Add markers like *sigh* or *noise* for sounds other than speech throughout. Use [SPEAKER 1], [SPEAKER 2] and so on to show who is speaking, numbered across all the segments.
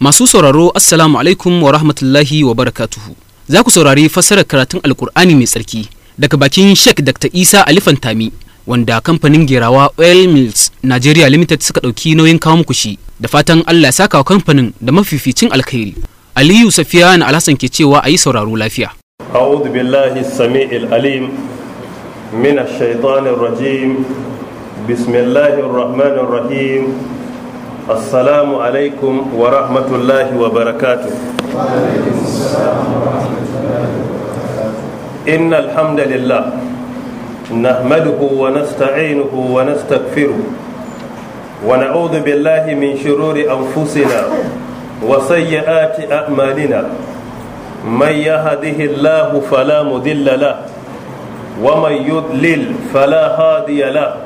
[SPEAKER 1] Masu sauraro Assalamu alaikum wa rahmatullahi wa barakatuhu. Za ku saurari fassarar karatun Alkur'ani mai tsarki daga bakin Sheikh Dr. Isa Ali Fantami wanda kamfanin gerawa Oil Mills Nigeria Limited suka ɗauki nauyin kawo muku shi da fatan Allah ya saka wa kamfanin da mafificin alkhairi. Aliyu Safiya na Alhassan ke cewa a yi sauraro lafiya. A'udhu billahi sami'il alim من الشيطان rajim بسم الله rahim. assalamu alaikum wa rahmatullahi wa barakatu إن الحمد لله نحمده ونستعينه ونستغفره ونعوذ بالله من شرور أنفسنا وسيئات أعمالنا من يهده الله فلا مضل له ومن يضلل فلا هادي له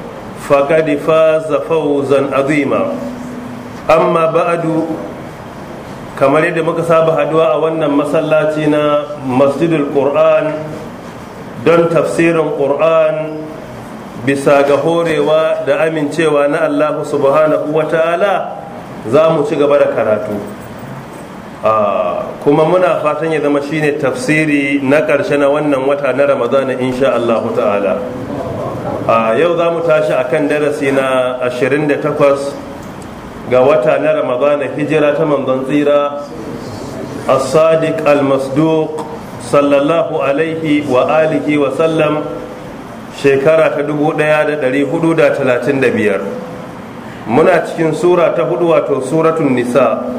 [SPEAKER 1] فقد فاز فوزا عظيما أما بعد kamar yadda muka saba haduwa a wannan masallaci na masjidul qur'an don tafsirin qur'an bisa ga horewa da amincewa na allah subhanahu wa ta'ala za mu ci gaba da karatu kuma muna fatan ya zama shine tafsiri na ƙarshe na wannan wata na ramadana insha allahu ta'ala a yau za mu tashi a kan darasi na 28 ga wata na ramadana hijira ta manzon tsira as-sadiq al-masduq sallallahu alaihi wa alihi wa sallam shekara ta 1435 muna cikin sura ta hudu wato suratun nisa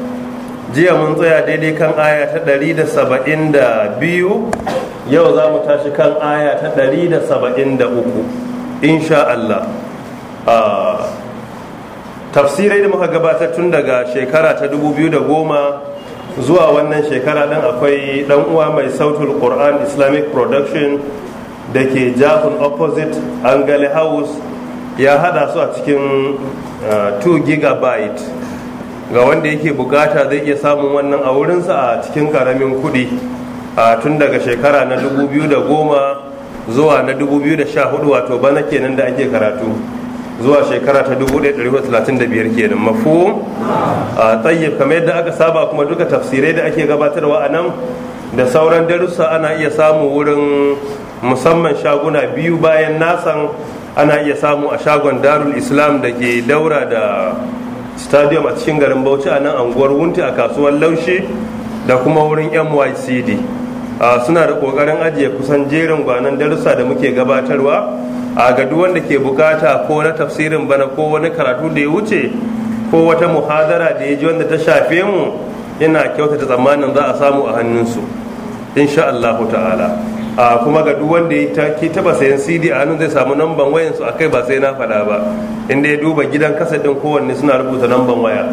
[SPEAKER 1] jiya mun tsaya daidai kan aya ta 172 yau za mu tashi kan aya ta 173 insha Allah tafsirai da muka gabatar tun daga shekara ta 2010 zuwa wannan shekara dan akwai dan uwa mai sautul Quran Islamic Production da ke jafin opposite Angale House ya hada su a cikin 2 gigabyte ga wanda yake bukata zai iya samun wannan a wurinsa a cikin karamin kudi tun daga shekara na 2010 zuwa na 2014 wato bana kenan da ake karatu zuwa shekara ta 1135 kenan mafu a tsayyar kamar yadda aka saba kuma duka tafsirai da ake gabatarwa a nan da sauran darussa ana iya samu wurin musamman shaguna biyu bayan nasan ana iya samu a shagon darul islam da ke daura da stadium a cikin garin bauchi a nan anguwar wunti a kasuwar laushi da kuma wurin mycd suna da kokarin ajiye kusan jerin gwanan darussa da muke gabatarwa a ga wanda ke bukata ko na tafsirin bana ko wani karatu da ya wuce ko wata muhadara da ya ji wanda ta shafe mu yana kyautata tsammanin za a samu a hannunsu insha Allah ta'ala a kuma ga wanda ya taki taba sayan CD a hannun zai samu namban wayansu a kai ba sai na faɗa ba inda ya duba gidan kasa kasadin kowanne suna rubuta namban waya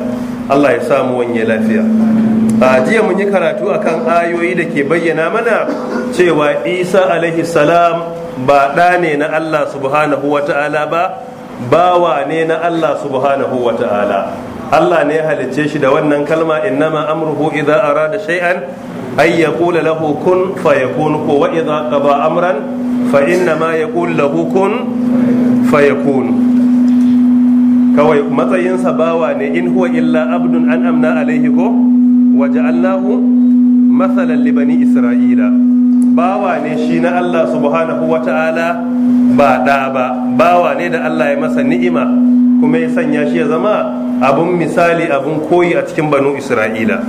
[SPEAKER 1] Allah ya samu wanye lafiya jiya mun yi karatu akan ayoyi da ke bayyana mana cewa isa alaihi salam ba ɗa ne na allah subhanahu wa ta'ala ba bawa ne na allah subhanahu wa ta'ala allah ne ya halicce shi da wannan kalma innama amruhu idza arada shay'an ay yaqula lahu kun fayakun ko wa idza qada amran fa innama yaqul lahu kun fayakun kawai matsayinsa bawa ne in huwa illa abdun an amna alaihi ko Waje mathalan li bani isra'ila bawa ne shi na Allah subhanahu wata'ala ba da ba bawa ne da Allah ya masa ni'ima kuma ya sanya shi ya zama abun misali abun koyi a cikin banu isra'ila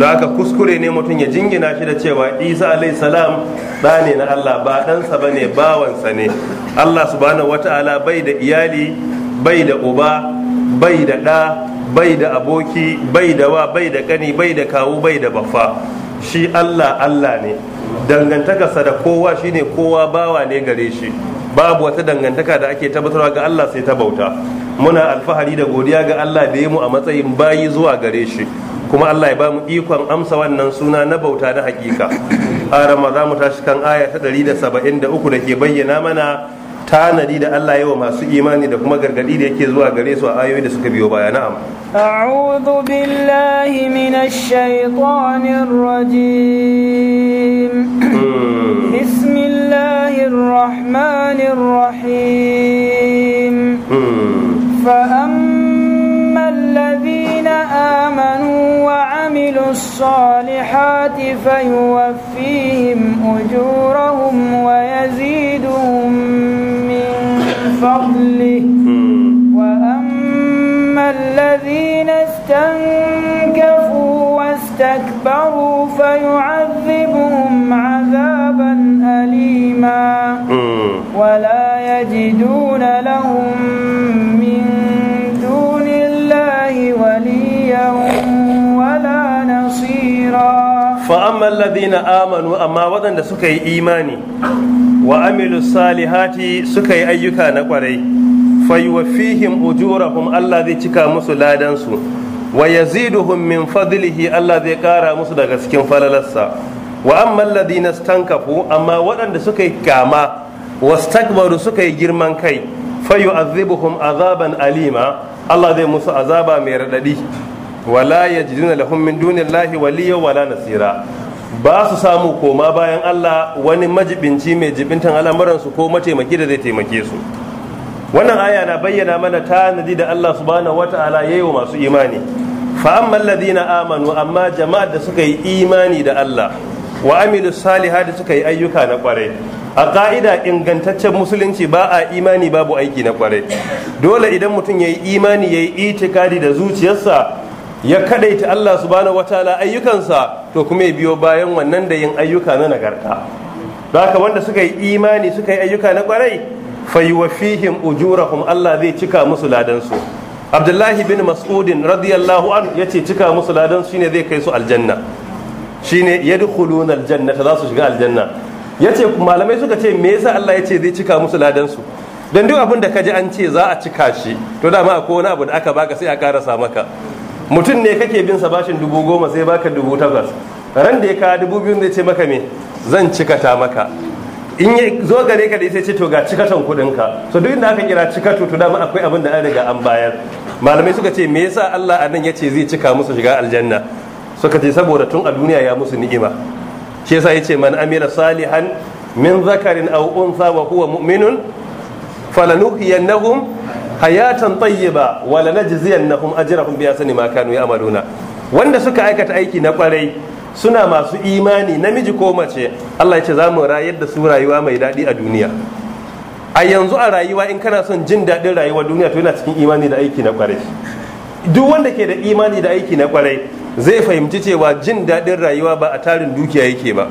[SPEAKER 1] don haka kuskure ne mutum ya jingina shi da cewa isa alayhi salam ɗa ne na allah ba ɗansa ba ne bawansa ne allah subhanahu wata'ala bai da iyali bai da uba bai da ɗa bai da aboki bai da wa bai da kani bai da kawu bai da baffa shi Allah Allah ne dangantakarsa da kowa shine kowa bawa ne gare shi babu wata dangantaka da ake tabbatarwa ga Allah sai ta bauta muna alfahari da godiya ga Allah da ya mu a matsayin bayi zuwa gare shi kuma Allah ya ba mu ikon amsa wannan suna na bauta na hakika a ramadan mu tashi kan aya ta 173 da ke bayyana mana tanadi da Allah yawa masu imani da kuma gargadi da yake zuwa gare su a ayoyi da suka biyo baya na'am
[SPEAKER 2] a'udhu billahi minash shaitanir rajim hmm. bismillahir rahmanir rahim فأما hmm. wa آمنوا وعملوا الصالحات فيوفيهم أجورهم ويزيدهم فضله وأما الذين استنكفوا واستكبروا فيعذبهم عذابا أليما ولا يجدون لهم
[SPEAKER 1] fa amma na amanu amma waɗanda suka yi imani wa amilu salihati suka yi ayyuka na ƙwarai, kwarai fayuwaffihim ujurahum Allah zai cika musu ladansu wa yaziduhum min fadlihi Allah zai ƙara musu daga cikin falalarsa wa amma na stankafu amma waɗanda suka yi kama wastakbaru suka yi girman kai fayu'adhibuhum azaban alima Allah zai musu azaba mai raɗaɗi. wala ya ji yajiduna lahum min wali yau wala nasira ba su samu koma bayan Allah wani majibinci mai jibintan al'amuransu ko mataimaki da zai taimake su wannan aya na bayyana mana tanadi da Allah subhanahu wata'ala yayi wa masu imani fa amma alladhina amanu amma jama'ar da suka yi imani da Allah wa amilu da suka yi ayyuka na kwarai a ka'ida ingantaccen musulunci ba a imani babu aiki na kwarai dole idan mutum ya yi imani ya yi itikadi da zuciyarsa ya kadaita Allah su subhanahu wataala ayyukansa to kuma ya biyo bayan wannan da yin ayyuka na nagarta don haka wanda suka yi imani suka yi ayyuka na kwarai fayuwafihim ujurahum Allah zai cika musu ladansu Abdullahi bin Mas'udin radiyallahu anhu ce, cika musu ladansu shine zai kai su aljanna shine aljanna ta za su shiga aljanna Ya ce, malamai suka ce me yasa Allah ya ce zai cika musu ladansu dan duk abin da ka ji an ce za a cika shi to dama akwai wani abu da aka baka sai a karasa maka mutum ne kake bin sa bashin dubu goma sai baka dubu takwas ran da ya kawo dubu biyu zai ce maka me zan cikata maka in ya zo gare ka da ita ce to ga cikatan kudin ka so duk inda aka kira cikatu to dama akwai abin da an riga an bayar malamai suka ce me yasa Allah anan ya ce zai cika musu shiga aljanna suka ce saboda tun a duniya ya musu ni'ima shi yasa yace man amila salihan min zakarin aw unsa wa huwa mu'minun falanuhiyannahum hayatan tayyiba wa lanajziyannahum ajrahum bi sani ma kanu ya'maluna wanda suka aikata aiki na kwarai suna masu imani namiji ko mace Allah ya ce zamu rayar da su rayuwa mai daɗi a duniya a yanzu a rayuwa in kana son jin daɗin rayuwa duniya to yana cikin imani da aiki na kwarai duk wanda ke da imani da aiki na kwarai zai fahimci cewa jin daɗin rayuwa ba a tarin dukiya yake ba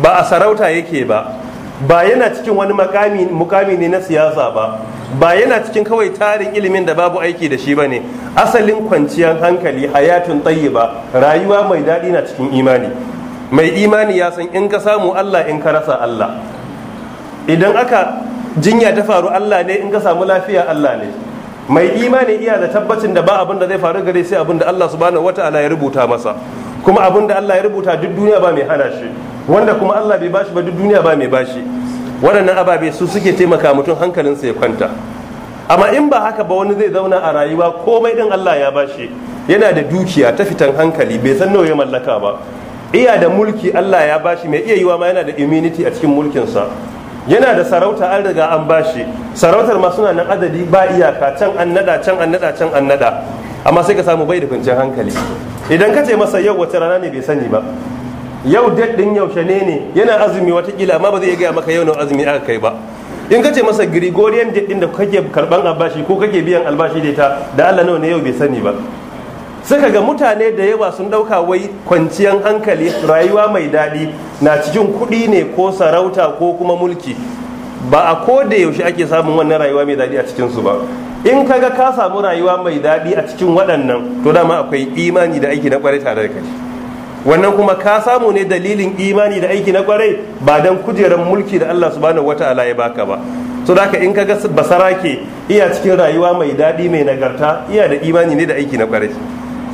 [SPEAKER 1] ba a sarauta yake ba ba yana cikin wani mukami ne na siyasa ba ba yana cikin kawai tarin ilimin da babu aiki da shi ba ne asalin kwanciyar hankali hayatun ba rayuwa mai daɗi na cikin imani mai imani ya san in ka samu Allah in ka rasa Allah idan aka jinya ta faru Allah ne in ka samu lafiya Allah ne mai imani iya da tabbacin da ba abin da zai faru gare sai abin da Allah subhanahu wataala ya rubuta masa kuma abin da Allah ya rubuta duk duniya ba mai hana shi wanda kuma Allah bai bashi ba duk duniya ba mai bashi waɗannan ababe su suke taimaka mutum hankalinsa ya kwanta amma in ba haka ba wani zai zauna a rayuwa komai din Allah ya bashi yana da dukiya ta fitan hankali bai san nawa ya mallaka ba iya da mulki Allah ya bashi mai iya yiwa ma yana da immunity a cikin mulkin mulkinsa yana da sarauta an riga an bashi sarautar ma suna nan adadi ba iyaka can an nada can an nada can an nada amma sai ka samu bai da kwanciyar hankali idan ka ce masa yau wace rana ne bai sani ba yau date din yaushe ne ne yana azumi watakila amma ba zai gaya maka yau na azumi aka kai ba in ka ce masa gregorian date din da kake karban albashi ko kake biyan albashi da ita da Allah nawa ne yau bai sani ba suka ga mutane da yawa sun ɗauka wai kwanciyar hankali rayuwa mai daɗi na cikin kuɗi ne ko sarauta ko kuma mulki ba a ko da yaushe ake samun wannan rayuwa mai daɗi a cikin su ba in kaga ka samu rayuwa mai daɗi a cikin waɗannan to dama akwai imani da aiki na ƙwarai tare da kai wannan kuma ka samu ne dalilin imani da aiki na kwarai ba don kujerar mulki da Allah subhanahu wataala ya baka ba so da haka in ka ga basarake iya cikin rayuwa mai daɗi mai nagarta iya da imani ne da aiki na kwarai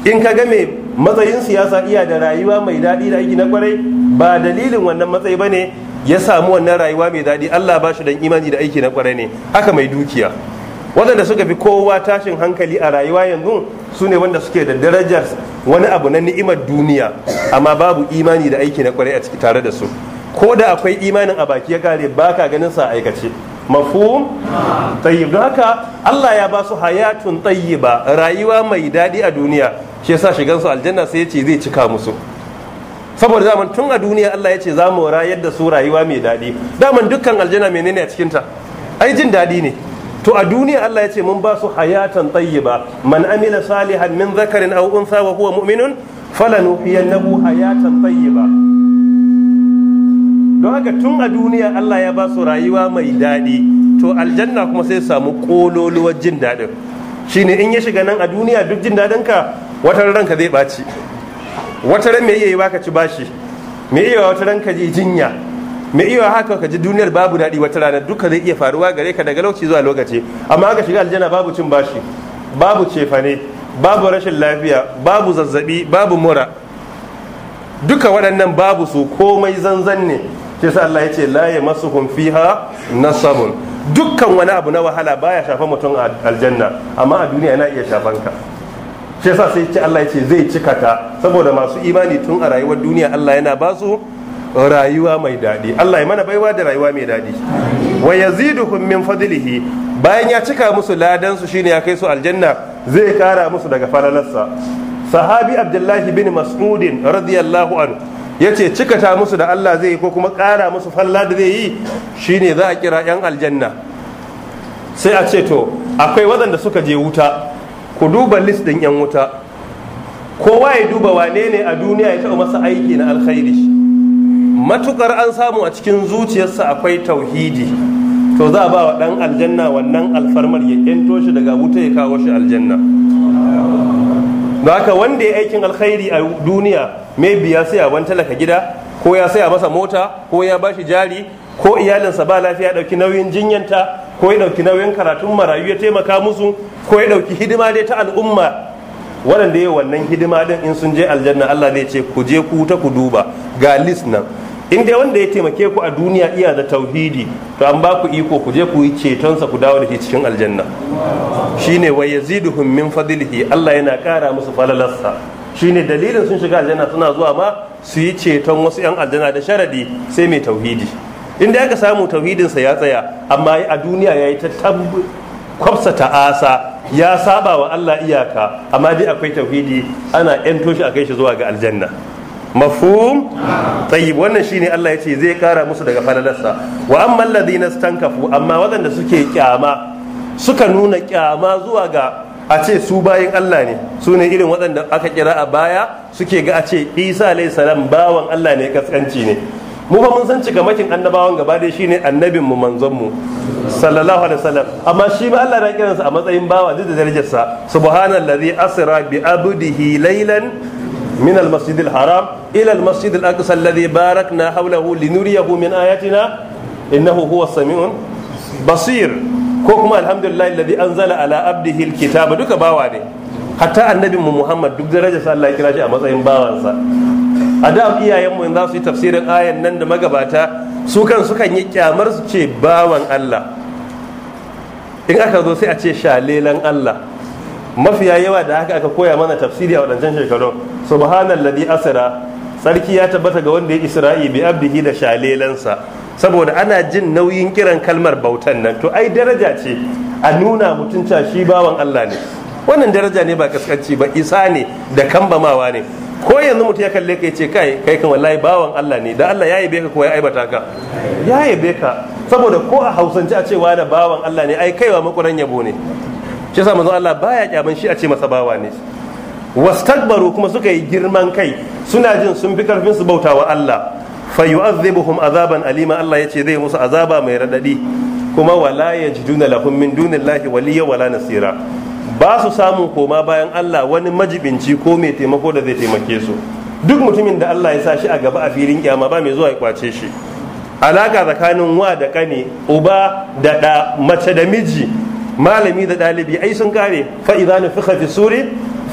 [SPEAKER 1] in ka ga mai matsayin siyasa iya da rayuwa mai daɗi da aiki na kwarai ba dalilin wannan matsayi ba ne ya samu wannan rayuwa mai daɗi Allah ba shi don imani da aiki na kwarai ne haka mai dukiya waɗanda suka fi kowa tashin hankali a rayuwa yanzu su ne wanda suke da darajar wani abu na ni'imar duniya amma babu imani da aiki na kwarai a ciki tare da su ko da akwai imanin a baki ya kare baka ganin sa aikace mafhum tayyib don haka Allah ya ba su hayatun tayyiba rayuwa mai daɗi a duniya shi yasa shigan su aljanna sai ya ce zai cika musu saboda zaman tun a duniya Allah ya ce za mu rayar da su rayuwa mai daɗi daman dukkan aljanna menene a ta ai jin daɗi ne to a duniya Allah ya ce mun ba su hayatan tayyiba man amila salihan min zakarin aw unsa wa huwa mu'minun falanuhiyannahu hayatan tayyiba don haka tun a duniya Allah ya ba su rayuwa mai daɗi to aljanna kuma sai samu kololuwar jin daɗin shine in ya shiga nan a duniya duk jin daɗinka watan ranka zai ɓaci wata ran mai iya yi baka ci bashi mai iya wata ran ka ji jinya mai iya haka ka ji duniyar babu daɗi wata rana duka zai iya faruwa gare ka daga lokaci zuwa lokaci amma aka shiga aljanna babu cin bashi babu cefane babu rashin lafiya babu zazzabi babu mura duka waɗannan babu su komai zanzan ne shi sa Allah ya ce la yamassuhum fiha nasabun dukkan wani abu na wahala baya shafa mutum a aljanna amma a duniya yana iya shafan ka sa sai ce Allah ya ce zai cika ta saboda masu imani tun a rayuwar duniya Allah yana ba su rayuwa mai daɗi Allah ya mana baiwa da rayuwa mai daɗi wa yaziduhum min fadlihi bayan ya cika musu ladan su shine ya kai su aljanna zai kara musu daga falalarsa sahabi abdullahi bin mas'udin radiyallahu anhu yace cika ta musu da Allah zai ko kuma kara musu falla da zai yi shine za a kira yan aljanna sai a ce to akwai waɗanda suka je wuta ku duba list din yan wuta kowa ya duba wane ne a duniya ya taɓa masa aiki na alkhairi matukar an samu a cikin zuciyarsa akwai tauhidi to za a ba wa ɗan aljanna wannan alfarmar ya kento shi daga wuta ya kawo shi aljanna da haka wanda ya aikin alkhairi a duniya mai biya sai a wani talaka gida ko ya saya masa mota ko ya ba shi jari ko iyalinsa ba lafiya ɗauki nauyin jinyanta ko ya ɗauki nauyin karatun marayu ya taimaka musu ko ya ɗauki hidima dai ta al'umma waɗanda ya wannan hidima din in sun je aljanna Allah zai ce ku je ku ta ku duba ga list nan in dai wanda ya taimake ku a duniya iya da tauhidi to an ba ku iko ku je ku yi cetonsa ku dawo da shi cikin aljanna shine wa yaziduhum min fadlihi Allah yana kara musu falalarsa shine dalilin sun shiga aljanna suna zuwa ma su yi ceton wasu yan aljanna da sharadi sai mai tauhidi in dai aka samu tauhidin sa ya tsaya amma a duniya ya yi ta kwafsa asa, ya saba wa Allah iyaka amma dai akwai tauhidi ana yan toshi a kai shi zuwa ga aljanna mafhum tayyib wannan shine Allah ce zai kara musu daga falalarsa wa amma alladhina stankafu amma wadanda suke kyama suka nuna kyama zuwa ga a ce su bayin Allah ne su ne irin wadanda aka kira a baya suke ga a ce Isa alayhi salam bawan Allah ne kaskanci ne mu fa mun san makin annabawan gaba dai shine annabin mu manzon mu sallallahu alaihi wasallam amma shi ma Allah ya kiransa a matsayin bawa duk da darajarsa subhanallazi asra bi abdihi laylan من المسجد الحرام إلى المسجد الأقصى الذي باركنا حوله لنريه من آياتنا إنه هو السميع بصير كوكما الحمد لله الذي أنزل على عبده الكتاب دوك باواني حتى النبي محمد دوك درجة صلى الله عليه وسلم سين باوانسا a da iyayenmu in za su yi tafsirin ayan nan da magabata su kan sukan yi kyamar su ce bawan Allah in mafiya yawa da haka aka koya mana tafsiri a wadancan shekaru ladi Asira, sarki ya tabbata ga wanda ya isra'i bi abdihi da shalelansa saboda ana jin nauyin kiran kalmar bautan nan to ai daraja ce a nuna mutunta shi bawan Allah ne wannan daraja ne ba kaskanci ba isa ne da kambamawa ne ko yanzu mutum ya kalle ka ce kai kai kan wallahi bawan Allah ne da Allah ya yi ka ko ya aibata ka ya yi beka saboda ko a hausance a cewa da bawan Allah ne ai kaiwa makuran yabo ne shi yasa manzon Allah baya kyaman shi a ce masa bawa ne wastakbaru kuma suka yi girman kai suna jin sun fi karfin su bauta wa Allah fa yu'adhibuhum azaban alima Allah yace zai musu azaba mai radadi kuma wala yajiduna lahum min dunillahi waliya wala nasira ba su samun koma bayan Allah wani majibinci ko mai taimako da zai taimake su duk mutumin da Allah ya sa shi a gaba a filin kyama ba mai zuwa ya kwace shi alaka tsakanin wa da kane uba da da mace da miji malami da ɗalibi ai sun kare fa idza nufikha fi suri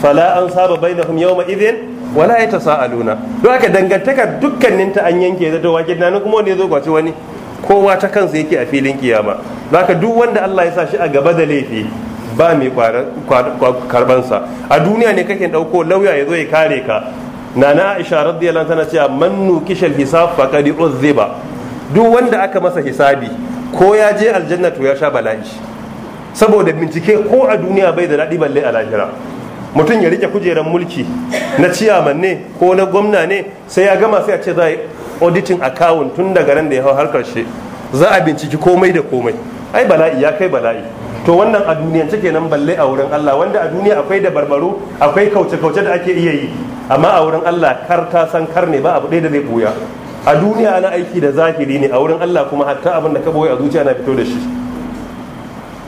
[SPEAKER 1] fala an saba bainahum yawma idhin wala yatasaaluna don haka dangantaka dukkanin ta an yanke da to wake nan kuma wanda yazo kwace wani kowa ta kansa yake a filin kiyama don haka duk wanda Allah ya sa shi a gaba da laifi ba mai sa a duniya ne kake dauko lauya ya zo ya kare ka nana aisha radiyallahu tana cewa mannu kishal hisab faqad uzziba duk wanda aka masa hisabi ko ya je aljanna to ya sha bala'i saboda bincike ko a duniya bai da daɗi balle a lahira mutum ya rike kujerar mulki na ciyaman ne ko na gwamna ne sai ya gama sai a ce za a yi auditing akawun tun daga ran da ya hau har karshe za a binciki komai da komai ai bala'i ya kai bala'i to wannan a duniyance kenan balle a wurin Allah wanda a duniya akwai da barbaro akwai kauce-kauce da ake iya yi amma a wurin Allah kar ta san kar ne ba abu ɗaya da zai buya a duniya na aiki da zahiri ne a wurin Allah kuma hatta abin da ka boye a zuciya na fito da shi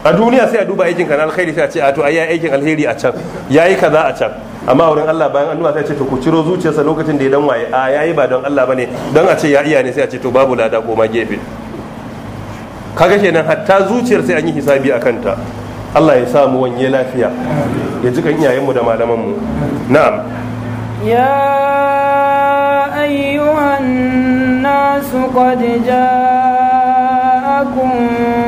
[SPEAKER 1] a duniya sai a duba aikin kan na alkhairi sai a ce a to ayi aikin alheri a can yayi kaza a can amma wurin Allah bayan annuwa sai a ce to ku ciro zuciyarsa lokacin da ya dan waye a yayi ba don Allah bane don a ce ya iya ne sai a ce to babu lada ko ma gefe kaga kenan hatta zuciyar sai an yi hisabi a kanta Allah ya samu wanye lafiya ya ji kan iyayenmu da malamanmu na'am
[SPEAKER 2] ya ayyuhan nasu qad ja'akum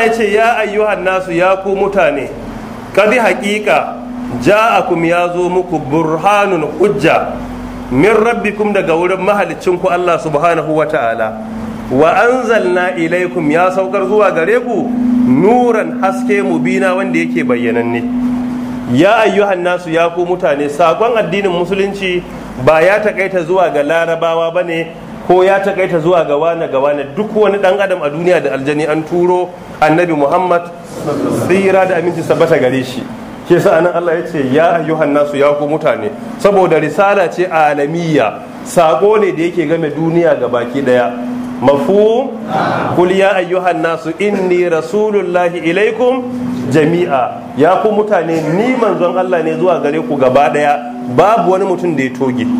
[SPEAKER 1] Allah ya ce ya ayyuhan nasu ya ku mutane kadi haƙiƙa ja'akum ya zo muku burhanun hujja min rabbikum daga wurin mahalicin ku Allah subhanahu wa ta'ala wa anzalna ilaikum ya saukar zuwa gare ku nuran haske mubina wanda yake bayyananne ya ayyuhan nasu ya ku mutane sakon addinin musulunci ba ya takaita zuwa ga larabawa bane ko ya takaita zuwa ga na ga wane duk wani dan adam a duniya da aljani an turo annabi muhammad tsira da aminci sabata gare shi ke sa nan Allah ya ce ya ayyuhan nasu ya ku mutane saboda risala ce alamiya sako ne da yake game duniya ga baki daya mafu kul ya ayyuhan nasu inni rasulullahi ilaikum jami'a ya ku mutane ni manzon Allah ne zuwa gare ku gaba daya babu wani mutum da ya toge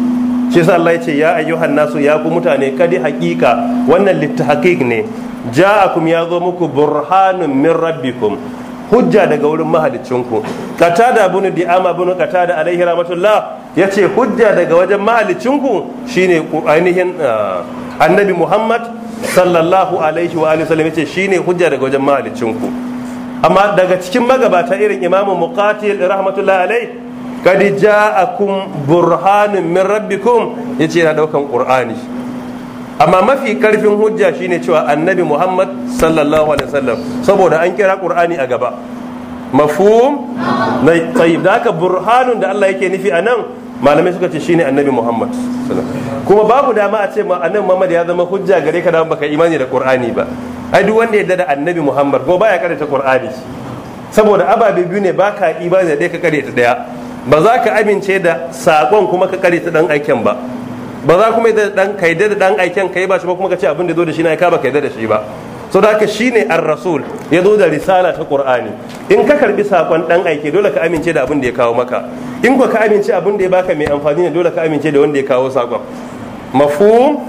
[SPEAKER 1] shi sa Allah ya ce ya ayyuhan nasu ya ku mutane kadi hakika wannan littahaqiq ne ja'akum ya zo muku burhanun min rabbikum hujja daga wurin mahalicinku qatada bin di'ama bin qatada alaihi rahmatullah yace hujja daga wajen mahalicinku shine ainihin ah, annabi Muhammad sallallahu alaihi wa alihi wasallam yace shine hujja daga wajen mahalicinku amma daga cikin magabata irin imamu muqatil rahmatullah alaihi a ja'akum burhanun min rabbikum yace yana daukan qur'ani amma mafi karfin hujja shine cewa annabi muhammad sallallahu alaihi wasallam saboda an kira qur'ani a gaba mafhum tayyib da aka burhanun da Allah yake nufi anan malamai suka ce shine annabi muhammad kuma babu dama a ce annabi muhammad ya zama hujja gare ka da baka imani da qur'ani ba ai duk wanda ya yarda da annabi muhammad ko baya karanta qur'ani saboda ababe biyu ne baka imani da ɗaya ka karanta daya. ba za ka amince da saƙon kuma ka kare ta ɗan aiken ba ba za kuma da ɗan ka da ɗan aiken ka yi ba shi ba kuma ka ce abin da zo da shi na ka ba ka da shi ba so da haka ne ar-rasul ya zo da risala ta qur'ani in ka karbi sakon dan aike dole ka amince da abin da ya kawo maka in ka amince abin da ya baka mai amfani ne dole ka amince da wanda ya kawo sakon mafhum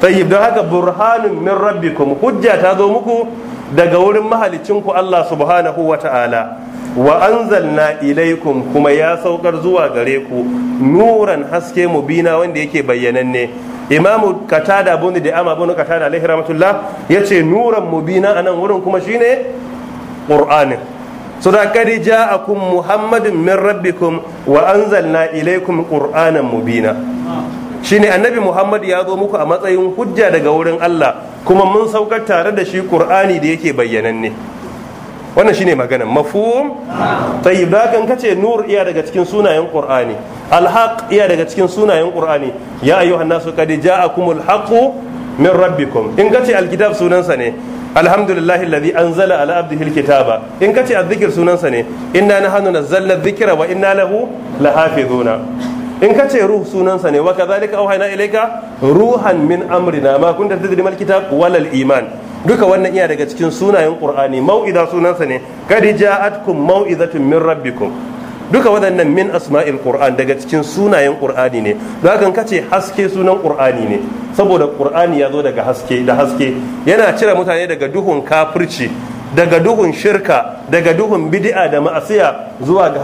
[SPEAKER 1] tayyib don haka burhanun min rabbikum hujja ta zo muku daga wurin ku Allah subhanahu wa ta'ala wa anzalna ilaikum kuma ya saukar zuwa gare ku nuran haske mubina wanda yake bayyananne imamu katada bunu da ama bunu katada alaihi rahmatullah yace nuran mubina anan wurin kuma shine qur'anin so da kad ja'akum muhammadun min rabbikum wa anzalna ilaikum qur'anan mubina shine annabi muhammad ya zo muku a matsayin hujja daga wurin Allah kuma mun saukar tare da shi qur'ani da yake bayyananne wannan shine maganan mafhum tayyib da kan kace nur iya daga cikin sunayen qur'ani alhaq iya daga cikin sunayen qur'ani ya ayyuhan nasu qad ja'akumul haqqu min rabbikum in kace alkitab sunansa ne alhamdulillah alladhi anzala ala abdihi alkitaba in kace azzikir sunansa ne inna nahnu nazzalna dhikra wa inna lahu lahafizuna in ka ce ruh sunansa ne wa kadhalika auhayna ilayka ruhan min amrina ma kunta tadri mal kitab wal iman duka wannan iya daga cikin sunayen qur'ani mau'iza sunansa ne kad ja'atkum mau'izatun min rabbikum duka waɗannan min asma'il qur'an daga cikin sunayen qur'ani ne don haka kace haske sunan qur'ani ne saboda qur'ani ya zo daga haske da haske yana cire mutane daga duhun kafirci daga duhun shirka daga duhun bid'a da ma'asiya zuwa ga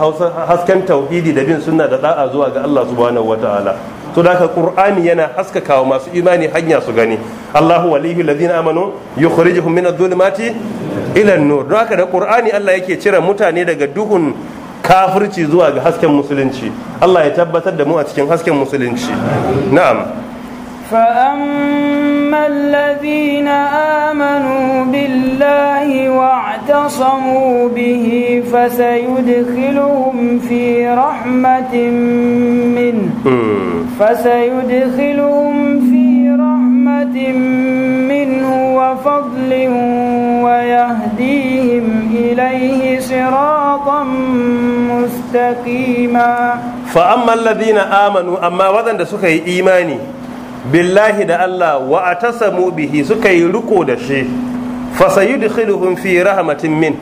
[SPEAKER 1] hasken tauhidi da bin sunna da da'a zuwa ga Allah subhanahu wataala to da qur'ani yana wa masu imani hanya su gani Allahu waliyu ladina amanu yukhrijuhum min adh-dhulumati ila an-nur da haka da qur'ani Allah yake cire mutane daga duhun kafirci zuwa ga hasken musulunci Allah ya tabbatar da mu a cikin hasken musulunci na'am
[SPEAKER 2] fa ammal ladina amanu bil بالله واعتصموا به فسيدخلهم في رحمة منه فسيدخلهم في رحمة منه وفضل ويهديهم إليه صراطا مستقيما
[SPEAKER 1] فأما الذين آمنوا أما وذن سكي إيماني billahi da Allah wa a tasamu bihi suka yi riko da shi fa sayudkhiluhum fi rahmatin min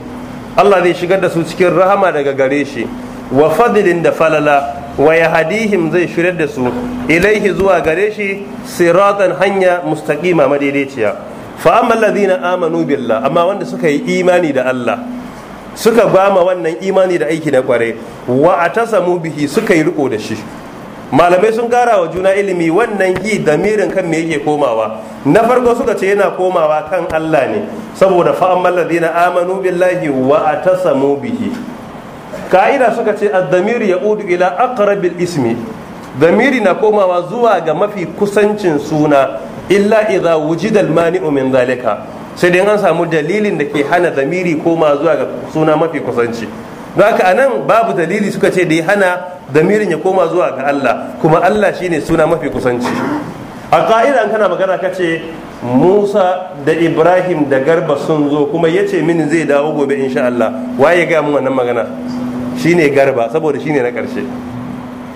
[SPEAKER 1] Allah zai shigar da su cikin rahama daga gare shi wa fadlin da falala wa yahdihim zai shirar da su ilaihi zuwa gare shi siratan hanya mustaqima madaidaiciya fa amma alladhina amanu billah amma wanda suka yi imani da Allah suka bama wannan imani da aiki na kware wa atasamu bihi suka yi riko da shi malamai sun kara wa juna ilimi wannan yi damirin kan me yake komawa na farko suka ce yana komawa kan Allah ne saboda fa'amman ladina amanu billahi wa atasamu bihi ka'ida suka ce a damir ya'udu ila aqrabil ismi damiri na komawa zuwa ga mafi kusancin suna illa idza wuji al-mani'u min zalika sai dai an samu dalilin da ke hana damiri koma zuwa ga suna mafi kusanci don haka nan babu dalili suka ce da ya hana damirin ya koma zuwa ga Allah kuma Allah shine suna mafi kusanci a ka'ida an kana magana ka ce Musa da Ibrahim da Garba sun zo kuma ya ce mini zai dawo gobe insha Allah waye ga mun wannan magana shine Garba saboda shine na karshe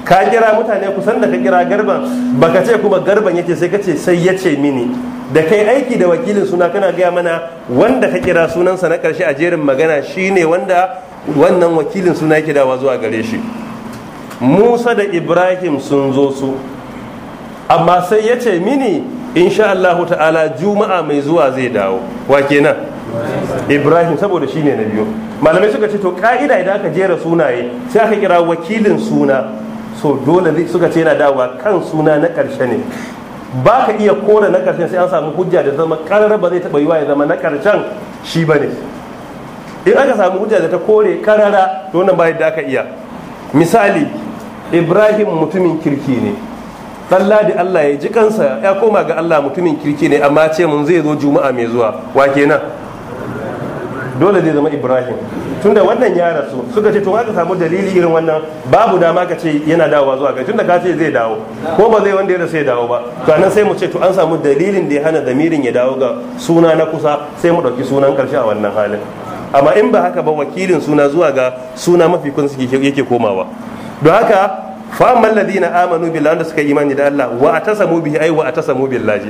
[SPEAKER 1] ka kira mutane kusan da ka kira garban baka ce kuma garban yake sai ka ce sai yace mini da kai aiki da wakilin suna kana gaya mana wanda ka kira sunansa na karshe a jerin magana shine wanda wannan wakilin suna yake dawa zuwa gare shi musa da ibrahim sun zo su amma sai ya ce mini sha Allah ta'ala juma'a mai zuwa zai dawo wa kenan ibrahim saboda shi ne na biyu malamai suka ce to ka'ida idan aka jera sunaye sai aka kira wakilin suna so dole suka ce yana dawa kan suna na ƙarshe ne ba ka iya kora na karshen sai an samu hujja da zama karar ba zai taɓa yiwa ya zama na karshen shi ba ne in aka samu hujja da ta kore karara to wannan ba yadda aka iya misali ibrahim mutumin kirki ne ɗalla da allah ya ji kansa ya koma ga allah mutumin kirki ne amma ce mun zai zo juma'a mai zuwa wa kenan dole zai zama ibrahim tunda wannan ya rasu suka ce to aka samu dalili irin wannan babu dama ka ce yana dawowa zuwa kai tunda ka ce zai dawo ko ba zai wanda ya rasu ya dawo ba to anan sai mu ce to an samu dalilin da ya hana zamirin ya dawo ga suna na kusa sai mu ɗauki sunan karshe a wannan halin amma in ba haka ba wakilin suna zuwa ga suna mafi kunsu yake komawa don haka fa amman ladina amanu billahi wanda suka imani da Allah wa atasamu bihi ai wa atasamu billahi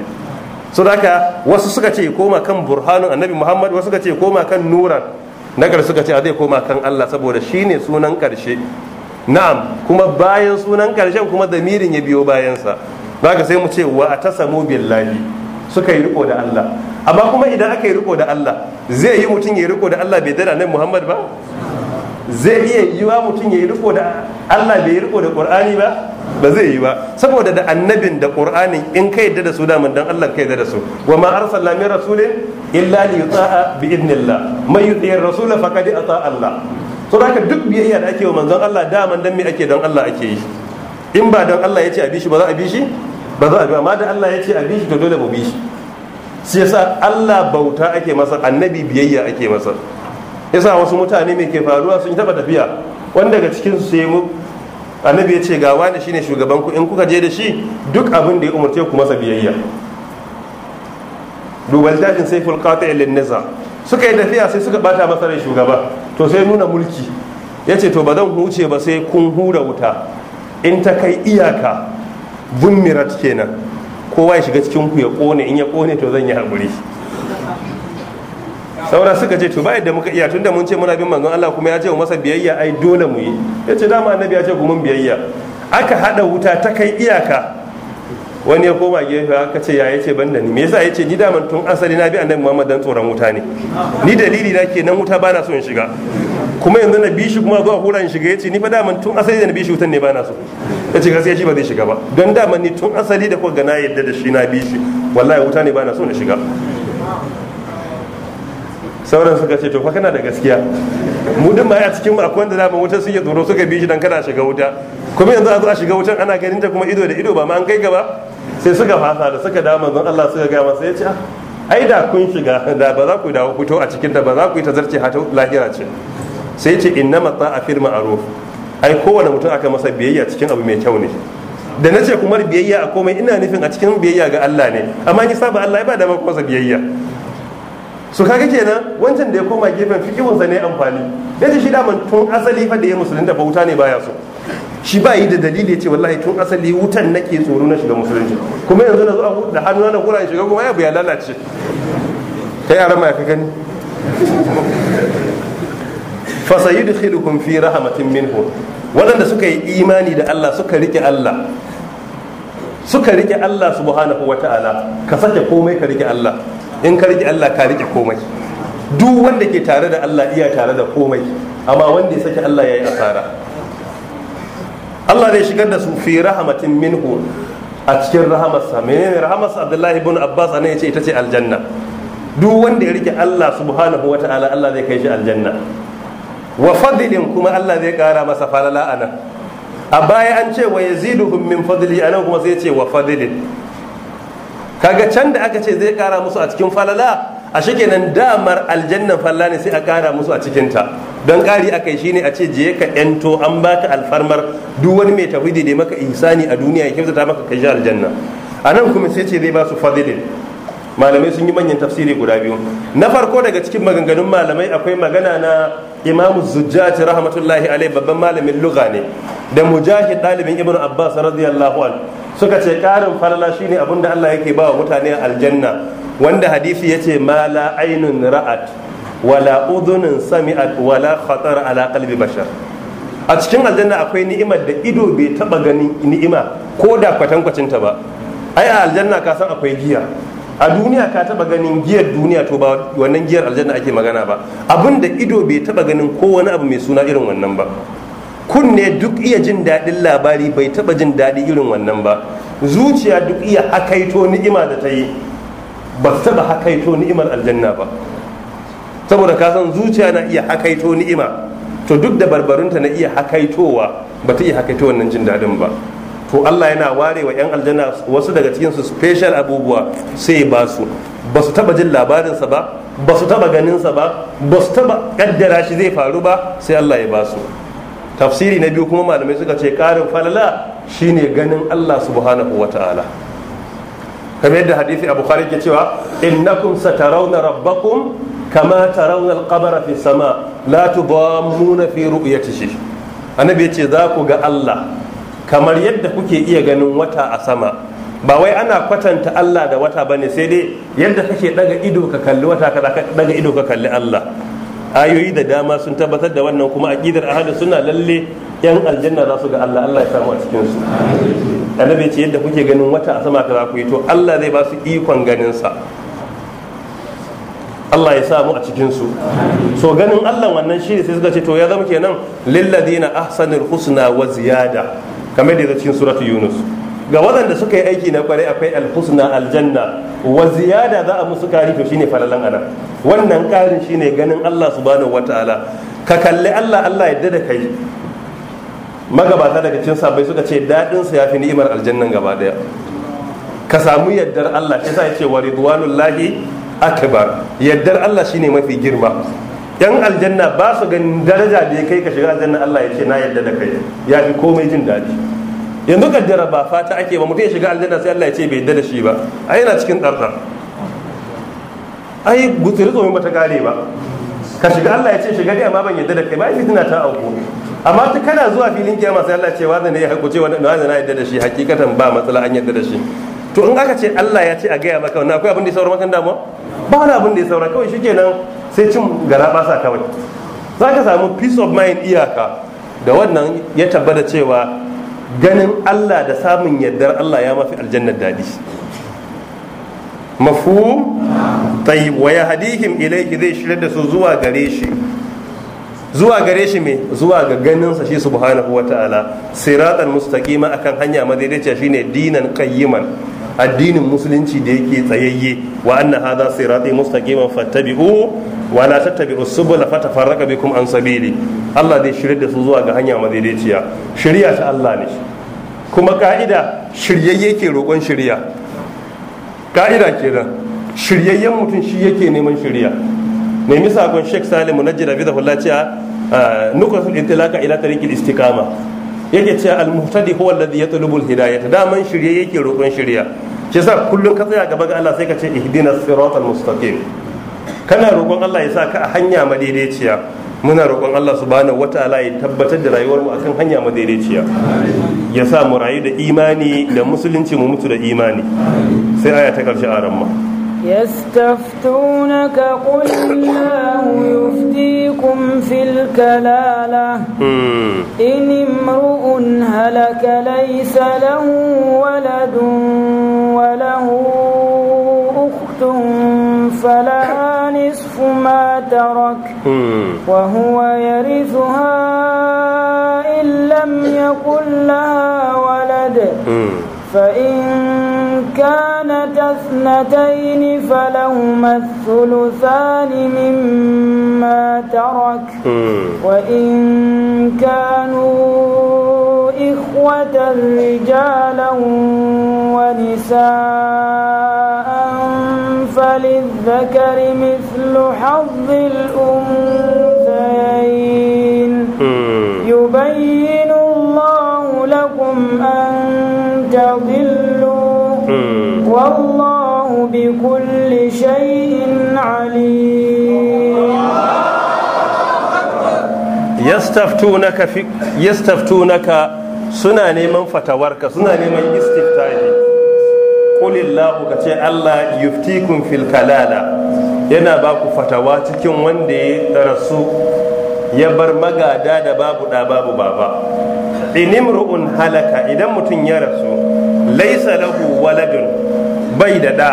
[SPEAKER 1] so haka wasu suka ce koma kan burhanun annabi Muhammad wasu suka ce koma kan nuran nagar suka ce zai koma kan Allah saboda shine sunan karshe na'am kuma bayan sunan karshen kuma damirin ya biyo bayansa ka sai mu ce wa atasamu billahi suka yi riko da Allah amma kuma idan aka yi riko da Allah zai yi mutum ya riko da Allah bai dada nan Muhammad ba zai iya yi wa mutum ya riko da Allah bai riko da Qur'ani ba ba zai yi ba saboda da annabin da Qur'ani in kai yadda da su da mun dan Allah kai yadda da su wa ma arsalna min rasulin illa li yuta'a bi idnillah man yuti'ir rasula faqad ata Allah to haka duk biyayya da ake wa manzon Allah da man dan me ake dan Allah ake yi in ba dan Allah yace a bi shi ba za a bi shi ba za a bi amma dan Allah yace a bi shi to dole mu bi shi shi yasa Allah bauta ake masa annabi biyayya ake masa yasa wasu mutane mai ke faruwa sun taba tafiya wanda daga cikin su sai mu annabi ya ce ga wani shine shugaban ku in kuka je da shi duk abin da ya umarce ku masa biyayya dubal dajin sai fulqata ilin niza suka yi tafiya sai suka bata masa rai shugaba to sai nuna mulki ya ce to ba zan huce ba sai kun hura wuta in ta kai iyaka zummirat kenan kowa ya shiga cikin ku ya kone in ya kone to zan yi haƙuri saura suka ce to ba yadda muka iya tunda mun ce muna bin manzon Allah kuma ya ce masa biyayya ai dole mu yi ya ce dama annabi ya ce ku mun biyayya aka hada wuta ta kai iyaka wani ya koma gefe aka ce ya yace banda ni me yasa yace ni daman tun asali na bi annabi Muhammad dan tsoron wuta ne ni dalili na kenan wuta bana so in shiga kuma yanzu na bi shi kuma zuwa hura in shiga yace ni fa daman tun asali da na bi shi wutan ne bana so ya ce gaskiya shi ba zai shiga ba don dama ni tun asali da kuka gana yadda da shi na bi shi wallahi wuta ne ba na so na shiga sauran suka ce to fa kana da gaskiya mu din ma a cikin mu akwai wanda zamu wuta suke tsoro suka bi shi dan kana shiga wuta kuma yanzu a zo a shiga wutan ana ganin ta kuma ido da ido ba ma an kai gaba sai suka fasa da suka dama don Allah suka ga masa ya ce ah, ai da kun shiga da ba za ku dawo fito a cikin ta ba za ku yi ta zarce hato lahira ce sai ce innama ta'a firma ma'ruf ai kowane mutum aka masa biyayya cikin abu mai kyau ne da na ce kuma biyayya a komai ina nufin a cikin biyayya ga Allah ne amma ki saba Allah ba da kuma biyayya su kaga kenan wancan da ya koma gefen fikihunsa ne amfani da shi daman tun asali fa da ya wuta bauta ne baya so shi ba yi da dalili ce wallahi tun asali wutan nake tsoro na shiga musulunci kuma yanzu na zo a da hannu na kura shiga kuma ya ya lalace kai yaran ma ka gani fa sayudkhilukum fi rahmatin minhu waɗanda suka yi imani da Allah suka rike Allah suka rike Allah subhanahu ta'ala ka sake komai ka rike Allah in ka rike Allah ka rike komai duk wanda ke tare da Allah iya tare da komai amma wanda ya sake Allah ya yi asara Allah zai shigar da su fi rahamatin minhu a cikin rahamarsa menene rahamarsa Abdullahi ibn Abbas ne yace ita ce aljanna duk wanda ya rike Allah subhanahu ta'ala Allah zai kai shi aljanna wa fadilin kuma Allah zai kara masa falala anan a baya an ce wa yaziduhum min fadli anan kuma sai ce wa fadilin kaga can da aka ce zai kara musu a cikin falala a shikenan damar aljannan falla ne sai a kara musu a cikin ta don kari akai shine a ce je ka yanto an baka alfarmar duk wani mai tafidi da maka ihsani a duniya ya zata maka kai aljanna anan kuma sai ce zai ba su fadilin malamai sun yi manyan tafsiri guda biyu na farko daga cikin maganganun malamai akwai magana na imamu zujjaj rahmatullahi alaihi babban malamin lugha ne da mujahid dalibin ibnu abbas radiyallahu an suka ce karin falala shine abinda Allah yake ba wa mutane aljanna wanda hadisi yace ma la ainun ra'at wala udhunun sami'at wala khatar ala qalbi bashar a cikin aljanna akwai ni'imar da ido bai taba ganin ni'ima ko da kwatankwacinta ba ai a aljanna ka san akwai giya a duniya ka taba ganin giyar duniya to ba wannan giyar aljanna ake magana ba abin da ido bai taba ganin ko wani abu mai suna irin wannan ba kunne duk iya jin daɗin labari bai taba jin daɗi irin wannan ba zuciya duk iya hakaito ni'ima da ta yi ba su taba hakaito ni'imar aljanna ba saboda ka san zuciya na iya hakaito ni'ima to duk da barbarunta na iya hakaitowa ba ta iya hakaito wannan jin daɗin ba to Allah yana ware wa 'yan aljanna wasu daga cikin su special abubuwa sai ba su ba su taba jin labarinsa ba ba su taba ganinsa ba ba su taba kaddara shi zai faru ba sai Allah ya ba su tafsiri na biyu kuma malamai suka ce karin falala shine ganin Allah subhanahu wata'ala kamar yadda hadisi abu khalid ke cewa innakum satarawna rabbakum kama tarawna alqamara fi sama la tudammuna fi ru'yatihi annabi ya ce za ku ga Allah kamar yadda kuke iya ganin wata a sama ba wai ana kwatanta Allah da wata bane sai dai yadda kake daga ido ka kalli wata ka daga ido ka kalli Allah ayoyi da dama sun tabbatar da wannan kuma aqidar ahadu suna lalle yan aljanna za su ga Allah Allah ya samu a cikin su annabi ce yadda kuke ganin wata a sama ka za ku yi to Allah zai ba su ikon ganin sa Allah ya samu a cikinsu so ganin Allah wannan shi sai suka ce to ya zama kenan lilladina ahsanul husna wa ziyada kamar da cikin suratu yunus ga waɗanda suka yi aiki na kwarai akwai alhusna aljanna wa ziyada za a musu kari to shine falalan ana wannan karin shine ganin Allah subhanahu wataala ka kalli Allah Allah yadda da kai magabata daga cikin sabai suka ce dadin sa yafi ni'imar aljannan gaba daya ka samu yaddar Allah sai ya ce wa ridwanullahi akbar yaddar Allah shine mafi girma yan aljanna ba su ganin daraja da ya kai ka shiga aljanna Allah ya ce na yadda da kai ya fi komai jin daɗi yanzu kaddara ba fata ake ba mutum ya shiga aljanna sai Allah ya ce bai yadda da shi ba ai yana cikin ɗarɗar ai gutsiri tsohon bata kare ba ka shiga Allah ya ce shiga dai amma ban yadda da kai ba ai fitina ta auku amma ta kana zuwa filin kiyama sai Allah ya ce wanda ne ya hakuce wanda na yadda da shi hakikatan ba matsala an yadda da shi to in aka ce Allah ya ce a gaya maka wannan akwai abin da ya saura makan damu ba wani abin da ya saura kawai shikenan sai cin gara sa kawai za ka samu peace of mind iyaka da wannan ya tabbata cewa ganin Allah da samun yardar Allah ya mafi aljannar daɗi mafhum waya wa yahdihim ilayhi zai shirya da su zuwa gare shi zuwa gare shi me zuwa ga ganin sa shi subhanahu ta'ala siratan mustaqima akan hanya madaidaiciya shine dinan qayyiman addinin musulunci da yake tsayayye wa anna hadha sirati mustaqiman fattabi'u wa la tattabi'u subula fatafarraqa bikum an sabili Allah zai shirye da su zuwa ga hanya madaidaiciya shari'a ta Allah ne kuma ka'ida shiryayye yake roƙon shari'a ka'ida kenan shiryayyen mutum shi yake neman shari'a mai misakon Sheikh Salim Munajjid Abidahullah cewa ah, nukasul intilaka ila tariqil istiqama yake ce al-muhtadi huwa alladhi yatlubu al-hidayata man shirye yake roƙon shirya shi yasa kullun ka tsaya gaba ga Allah sai ka ce ihdinas siratal mustaqim kana roƙon Allah ya sa ka a hanya madaidaiciya muna roƙon Allah subhanahu wataala ya tabbatar da rayuwar mu akan hanya madaidaiciya ya sa mu rayu da imani da musulunci mu mutu da imani sai aya ta karshe a ramma
[SPEAKER 2] يستفتونك قل الله يفتيكم في الكلالة إن امرؤ هلك ليس له ولد وله أخت فلها نصف ما ترك وهو يرثها إن لم يكن لها ولد فإن كانت اثنتين فلهما الثلثان مما ترك وإن كانوا إخوة رجالا ونساء فللذكر مثل حظ الأنثيين والله بكل شيء عليم
[SPEAKER 1] يستفتونك في يستفتونك suna neman fatawarka suna neman istiftahi qulillahu kace Allah yuftikum fil kalala yana ba ku fatawa cikin wanda ya rasu ya bar magada da babu da babu baba inimru'un halaka idan mutum ya rasu laisa lahu waladun bai da ɗa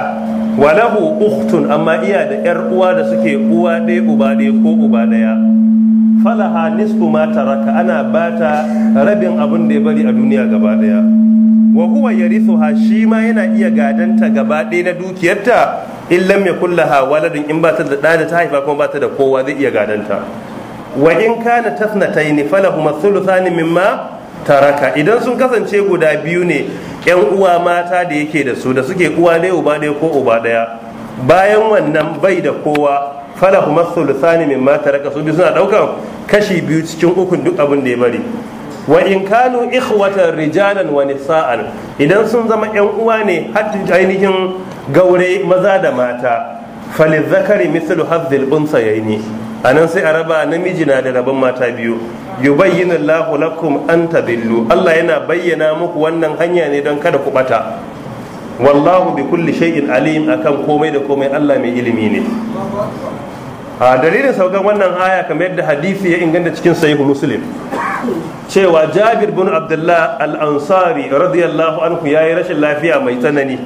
[SPEAKER 1] walahu ukhtun amma iya da yar uwa da suke uwa ɗaya uba ɗaya ko uba ɗaya falaha nisfu ma taraka ana bata rabin abin da ya bari a duniya gaba ɗaya wa huwa yarithuha shi ma yana iya gadanta gaba ɗaya na dukiyarta in lam yakul laha waladun in ba ta da da ta haifa kuma ba ta da kowa zai iya gadanta wa in kana tathnatayn falahuma thuluthani mimma taraka idan sun kasance guda biyu ne yan uwa mata da yake da su da suke uwa ɗaya uba ɗaya ko uba ɗaya bayan wannan bai da kowa fara kuma sulusani min ma taraka su bi suna ɗaukar kashi biyu cikin ukun duk abin da ya bari wa in kanu ikhwatan rijalan wa nisa'an idan sun zama yan uwa ne har ainihin gaure maza da mata zakari mithlu hazzil unsayaini a nan sai a raba namiji na da rabon mata biyu yubayyin Allahu lakum an tadillu Allah yana bayyana muku wannan hanya ne don kada ku bata wallahu bi kulli shay'in alim akan komai da komai Allah mai ilimi ne a dalilin saukan wannan aya kamar yadda hadisi ya inganta cikin sahihu muslim cewa jabir bin abdullah al-ansari radiyallahu anhu yayi rashin lafiya mai tsanani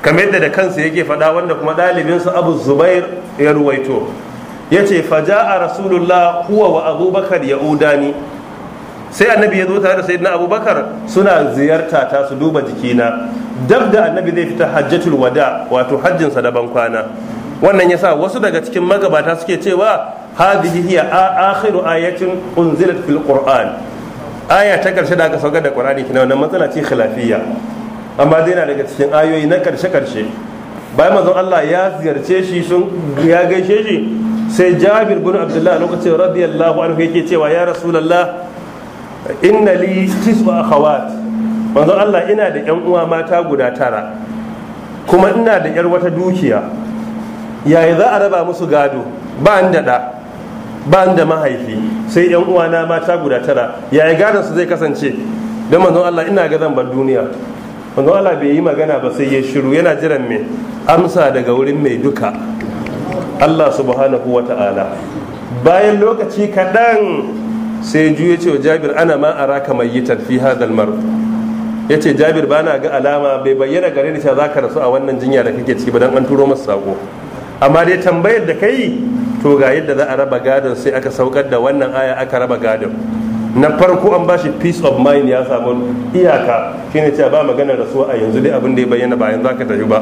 [SPEAKER 1] kamar yadda da kansa yake faɗa wanda kuma ɗalibinsa abu zubair ya ruwaito ya ce faja'a rasulullah huwa wa abubakar ya udani sai annabi ya zo tare da sayyidina abubakar suna ziyarta ta su duba jikina dab da annabi zai fita hajjatul wada wato hajjinsa da kwana. wannan yasa wasu daga cikin magabata suke cewa hadhihi hiya akhiru ayatin unzilat fil qur'an aya ta karshe da aka saukar da qur'ani kina wannan matsala ce khilafiyya amma dai na daga cikin ayoyi na karshe karshe bayan manzon Allah ya ziyarce shi sun ya gaishe shi sai jabir bin abdullahi lokacin radiyallahu anhu yake cewa ya rasulallah inna li tiswa akhawat manzo Allah ina da yan uwa mata guda tara kuma ina da yar wata dukiya yayi za a raba musu gado ba da da ba da mahaifi sai yan na mata guda tara yaya gadon su zai kasance don manzo Allah ina ga zan bar duniya manzo Allah bai yi magana ba sai ya shiru yana jiran me amsa daga wurin mai duka Allah subhanahu wa ta'ala bayan lokaci kaɗan sai juye ce wa jabir ana ma ara mai yi fi hadal mar ya ce jabir ba na ga alama bai bayyana gare ni cewa za ka rasu a wannan jinya da kake ciki ba don an turo masa sako amma dai tambayar da kai to ga yadda za a raba gadon sai aka saukar da wannan aya aka raba gadon na farko an bashi peace of mind ya samu iyaka shine cewa ba maganar rasuwa a yanzu dai abin da ya bayyana ba yanzu zaka tafi ba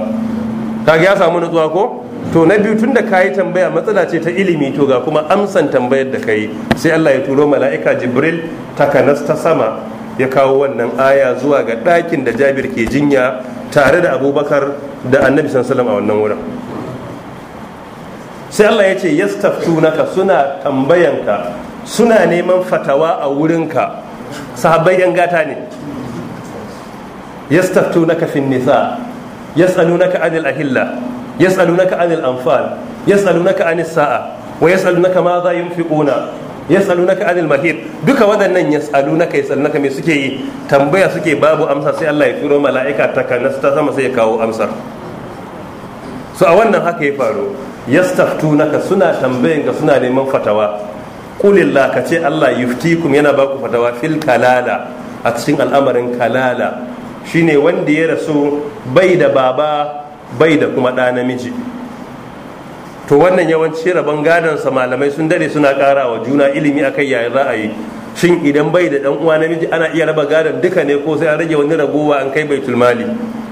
[SPEAKER 1] kaga ya samu nutsuwa ko to na biyu tun da ka yi tambaya matsala ce ta ilimi to ga kuma amsan tambayar da ka yi sai Allah ya turo mala'ika jibril takanas ta sama ya kawo wannan aya zuwa ga ɗakin da jabir ke jinya tare da abubakar da annabi sallallahu a wannan wurin sai Allah ya ce yastaftunaka suna tambayanka suna neman fatawa a wurinka sahabbai yan gata ne yastaftunaka fin nisa yas'alunaka anil ahilla yas'alunaka anil anfal yas'alunaka anis sa'a wa yas'alunaka ma za yunfiquna yas'alunaka anil mahid duka waɗannan yas'alunaka yas'alunaka me suke yi tambaya suke babu amsa sai Allah ya turo mala'ika ta kanas ta sama sai ya kawo amsar so a wannan haka ya faru yastaftunaka suna tambayan ka suna neman fatawa qulillah ka ce Allah yuftikum yana baku fatawa fil kalala a cikin al'amarin kalala shine wanda ya rasu bai da baba bai da kuma ɗa namiji to wannan yawanci rabon gadonsa malamai sun dare suna ƙara wa juna ilimi akan yaya za a shin idan bai da ɗan uwa namiji ana iya raba gadon duka ne ko sai an rage wani ragowa an kai bai mali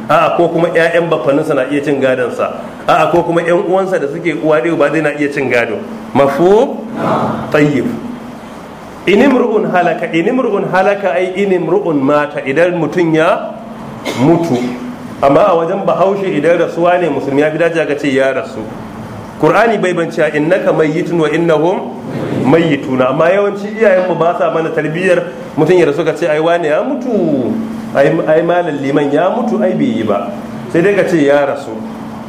[SPEAKER 1] a'a ko kuma ƴaƴan bafaninsa na iya cin gadonsa a'a ko kuma ƴan uwansa da suke uwa ɗaya ba zai na iya cin gado mafu tayyib inimru'un halaka inimru'un halaka ai inimru'un mata idan mutum ya mutu amma a wajen bahaushe idan rasuwa ne musulmi ya fi dace ka ce ya rasu qur'ani bai ban cewa innaka mayyitun wa innahum tuna. amma yawanci iyayenmu ba sa mana tarbiyyar mutum ya rasu ka ce ai wane ya mutu ai malam liman ya mutu ai bai yi ba sai dai ka ce ya rasu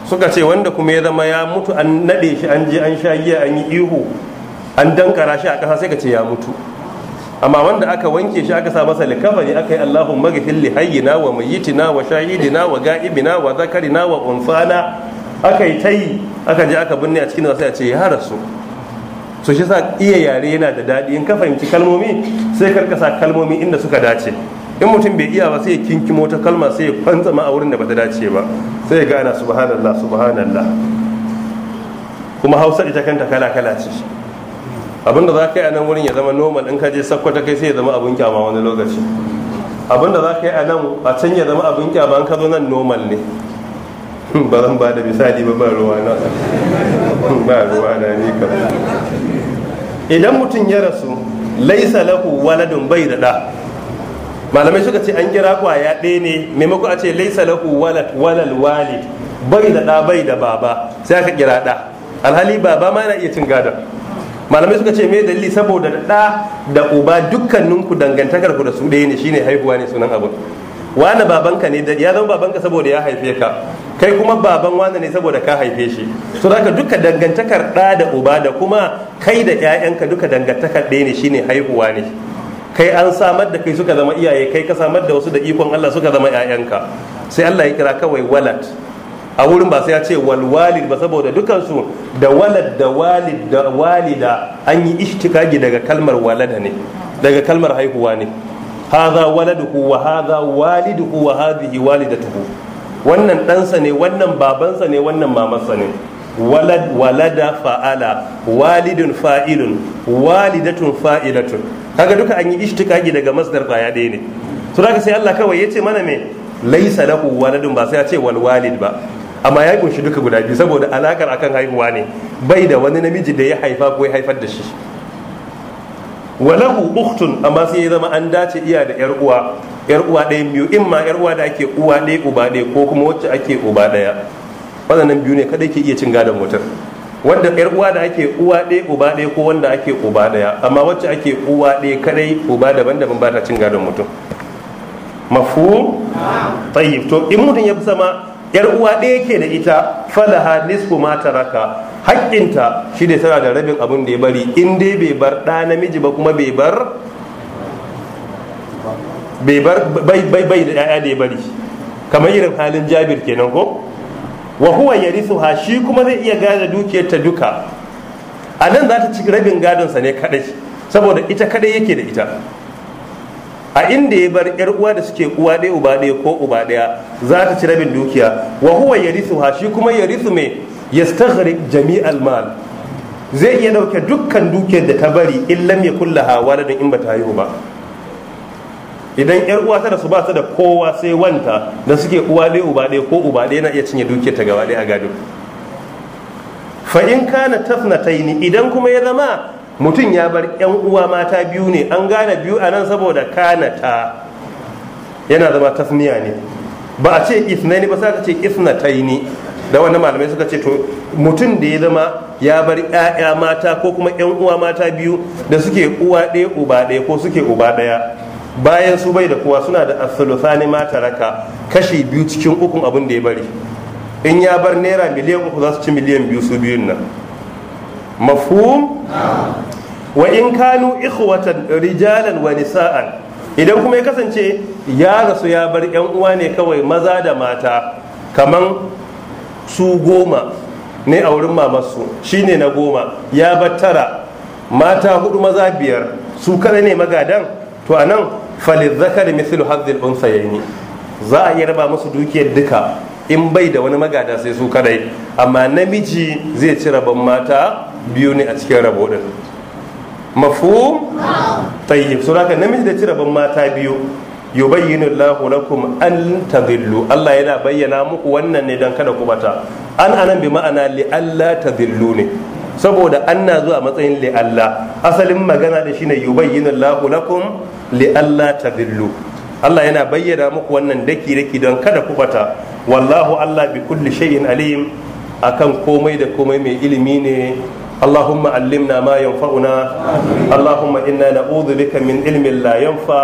[SPEAKER 1] suka ce wanda kuma ya zama ya mutu an nade shi an je an sha giya an yi ihu an dankara shi a ƙasa sai ka ce ya mutu amma wanda aka wanke shi aka sa masa likafani aka yi Allahun magafin lihayyina wa mayitina wa shahidina wa ga'ibina wa zakarina wa unsana aka yi ta yi aka je aka binne a cikin wasu ya ce ya rasu Su shi sa iya yare yana da daɗi in ka fahimci kalmomi sai ka sa kalmomi inda suka dace in mutum bai iya ba sai ya kinkimo ta kalma sai ya kwanzama a wurin da bata dace ba sai ya gana subhanallah subhanallah kuma hausa ita kanta kala kala ce abinda za ka yi a nan wurin ya zama normal in ka je sakkwata kai sai ya zama abin kyama wani lokaci abinda za ka yi a nan a can ya zama abin kyama in ka zo nan normal ne *laughs* ba zan ba da misali ba ba ruwa na *laughs* ba ruwa na ni ka idan mutum ya rasu laisa lahu waladun bai da da malamai suka ce an kira kwaya ɗaya ne maimakon a ce laisa lahu walad walal walid bai da da bai da baba sai aka kira da alhali baba ma na iya cin gadon malamai suka ce mai dalili saboda da ɗa da uba dukkaninku dangantakar ku da su ɗaya ne shine haihuwa ne sunan abun. wani babanka ne ya zama babanka saboda ya haife ka kai kuma baban wani ne saboda ka haife shi so zaka duka dangantakar ɗa da uba da kuma kai da ƴaƴanka duka dangantakar ɗaya ne shine haihuwa ne kai an samar da kai suka zama iyaye kai ka samar da wasu da ikon Allah suka zama ƴaƴanka sai Allah ya kira kawai walad a wurin ba sai ya ce walwalid ba saboda dukansu da walad da walid da walida an yi ishtikaki daga kalmar walada ne daga kalmar haihuwa ne hadha waladuhu wa hadha waliduhu wa hadhihi walidatuhu wannan ɗansa ne wannan babansa ne wannan mamansa ne walad walada fa'ala walidun fa'ilun walidatun fa'ilatun kaga duka an yi ishtikaki daga masdar kwaya ɗaya ne to sai Allah kawai yace mana me laisa lahu waladun ba sai ya ce wal ba amma ya kunshi duka guda biyu saboda alakar akan haihuwa ne bai da wani namiji da ya haifa ko ya haifar da shi walahu uktun amma sai ya zama an dace iya da yar uwa yar uwa ɗaya biyu in ma yar uwa da ake uwa ɗaya uba ɗaya ko kuma wacce ake uba ɗaya waɗannan biyu ne kadai ke iya cin gadon mutum wanda yar uwa da ake uwa ɗaya uba ɗaya ko wanda ake uba ɗaya amma wacce ake uwa ɗaya kadai uba daban-daban ba ta cin gadon mutum mafu tayyib to in mutum ya sama. yar uwa ɗaya ke da ita falaha nisfu ma raka haƙƙinta shi ne tana da rabin abin da ya bari in dai bai bar ɗa namiji ba kuma bai bar bai bar bai bai bai da yaya da ya bari kamar irin halin jabir kenan ko wa huwa yarithuha shi kuma zai iya gada dukiyar ta duka a nan za ta ci rabin gadon sa ne kadai saboda ita kadai yake da ita a inda ya bar yar uwa da suke uwa ɗaya uba ɗaya ko uba ɗaya za ta ci rabin dukiya wa huwa yarithuha shi kuma yarithu me yastaghriq jami'al mal zai iya dauke dukkan dukiyar da ta bari in lam yakullaha waladun in bata haihu ba idan yar uwa ta da ba ta da kowa sai wanta da suke uwa ɗaya uba ɗaya ko uba ɗaya na iya cinye dukiyar ta gaba ɗaya a gado fa in kana tafnataini idan kuma ya zama mutum ya bar yan uwa mata biyu ne an gane biyu a nan saboda kanata yana zama tasniya ne ba a ce isnaini ba sai ka ce isnataini da wannan malamai suka ce to mutum da ya zama ya bar ƴaƴa mata ko kuma yan uwa mata biyu da suke uwa ɗaya uba ɗaya ko suke uba ɗaya bayan su bai da kowa suna da asulufani mata raka kashi biyu cikin ukun abin da ya bari in ya bar naira miliyan uku za su ci miliyan biyu su biyun nan mafhum wa in kanu ikhwatan rijalan wa nisa'an idan kuma ya kasance ya rasu ya bar yan uwa ne kawai maza da mata kaman su goma ne a wurin mamarsu shine na goma ya bar tara mata hudu maza biyar su kada ne magadan to anan falil zakari mithlu hadhil unsayni za a iya raba musu dukiyar duka in bai da wani magada sai su kadai amma namiji zai ci rabon mata biyu ne a cikin rabo din mafu tayyib so haka namiji da cire ban mata biyu yubayyinu Allahu lakum an tadillu Allah yana bayyana muku wannan ne dan kada ku an anan bi ma'ana li Allah tadillu ne saboda an na zuwa matsayin li Allah asalin magana da shine yubayyinu Allahu lakum li Allah tadillu Allah yana bayyana muku wannan daki daki don kada kubata. wallahu Allah bi kulli shay'in alim akan komai da komai mai ilimi ne اللهم علمنا ما ينفعنا اللهم إنا نعوذ بك من علم لا ينفع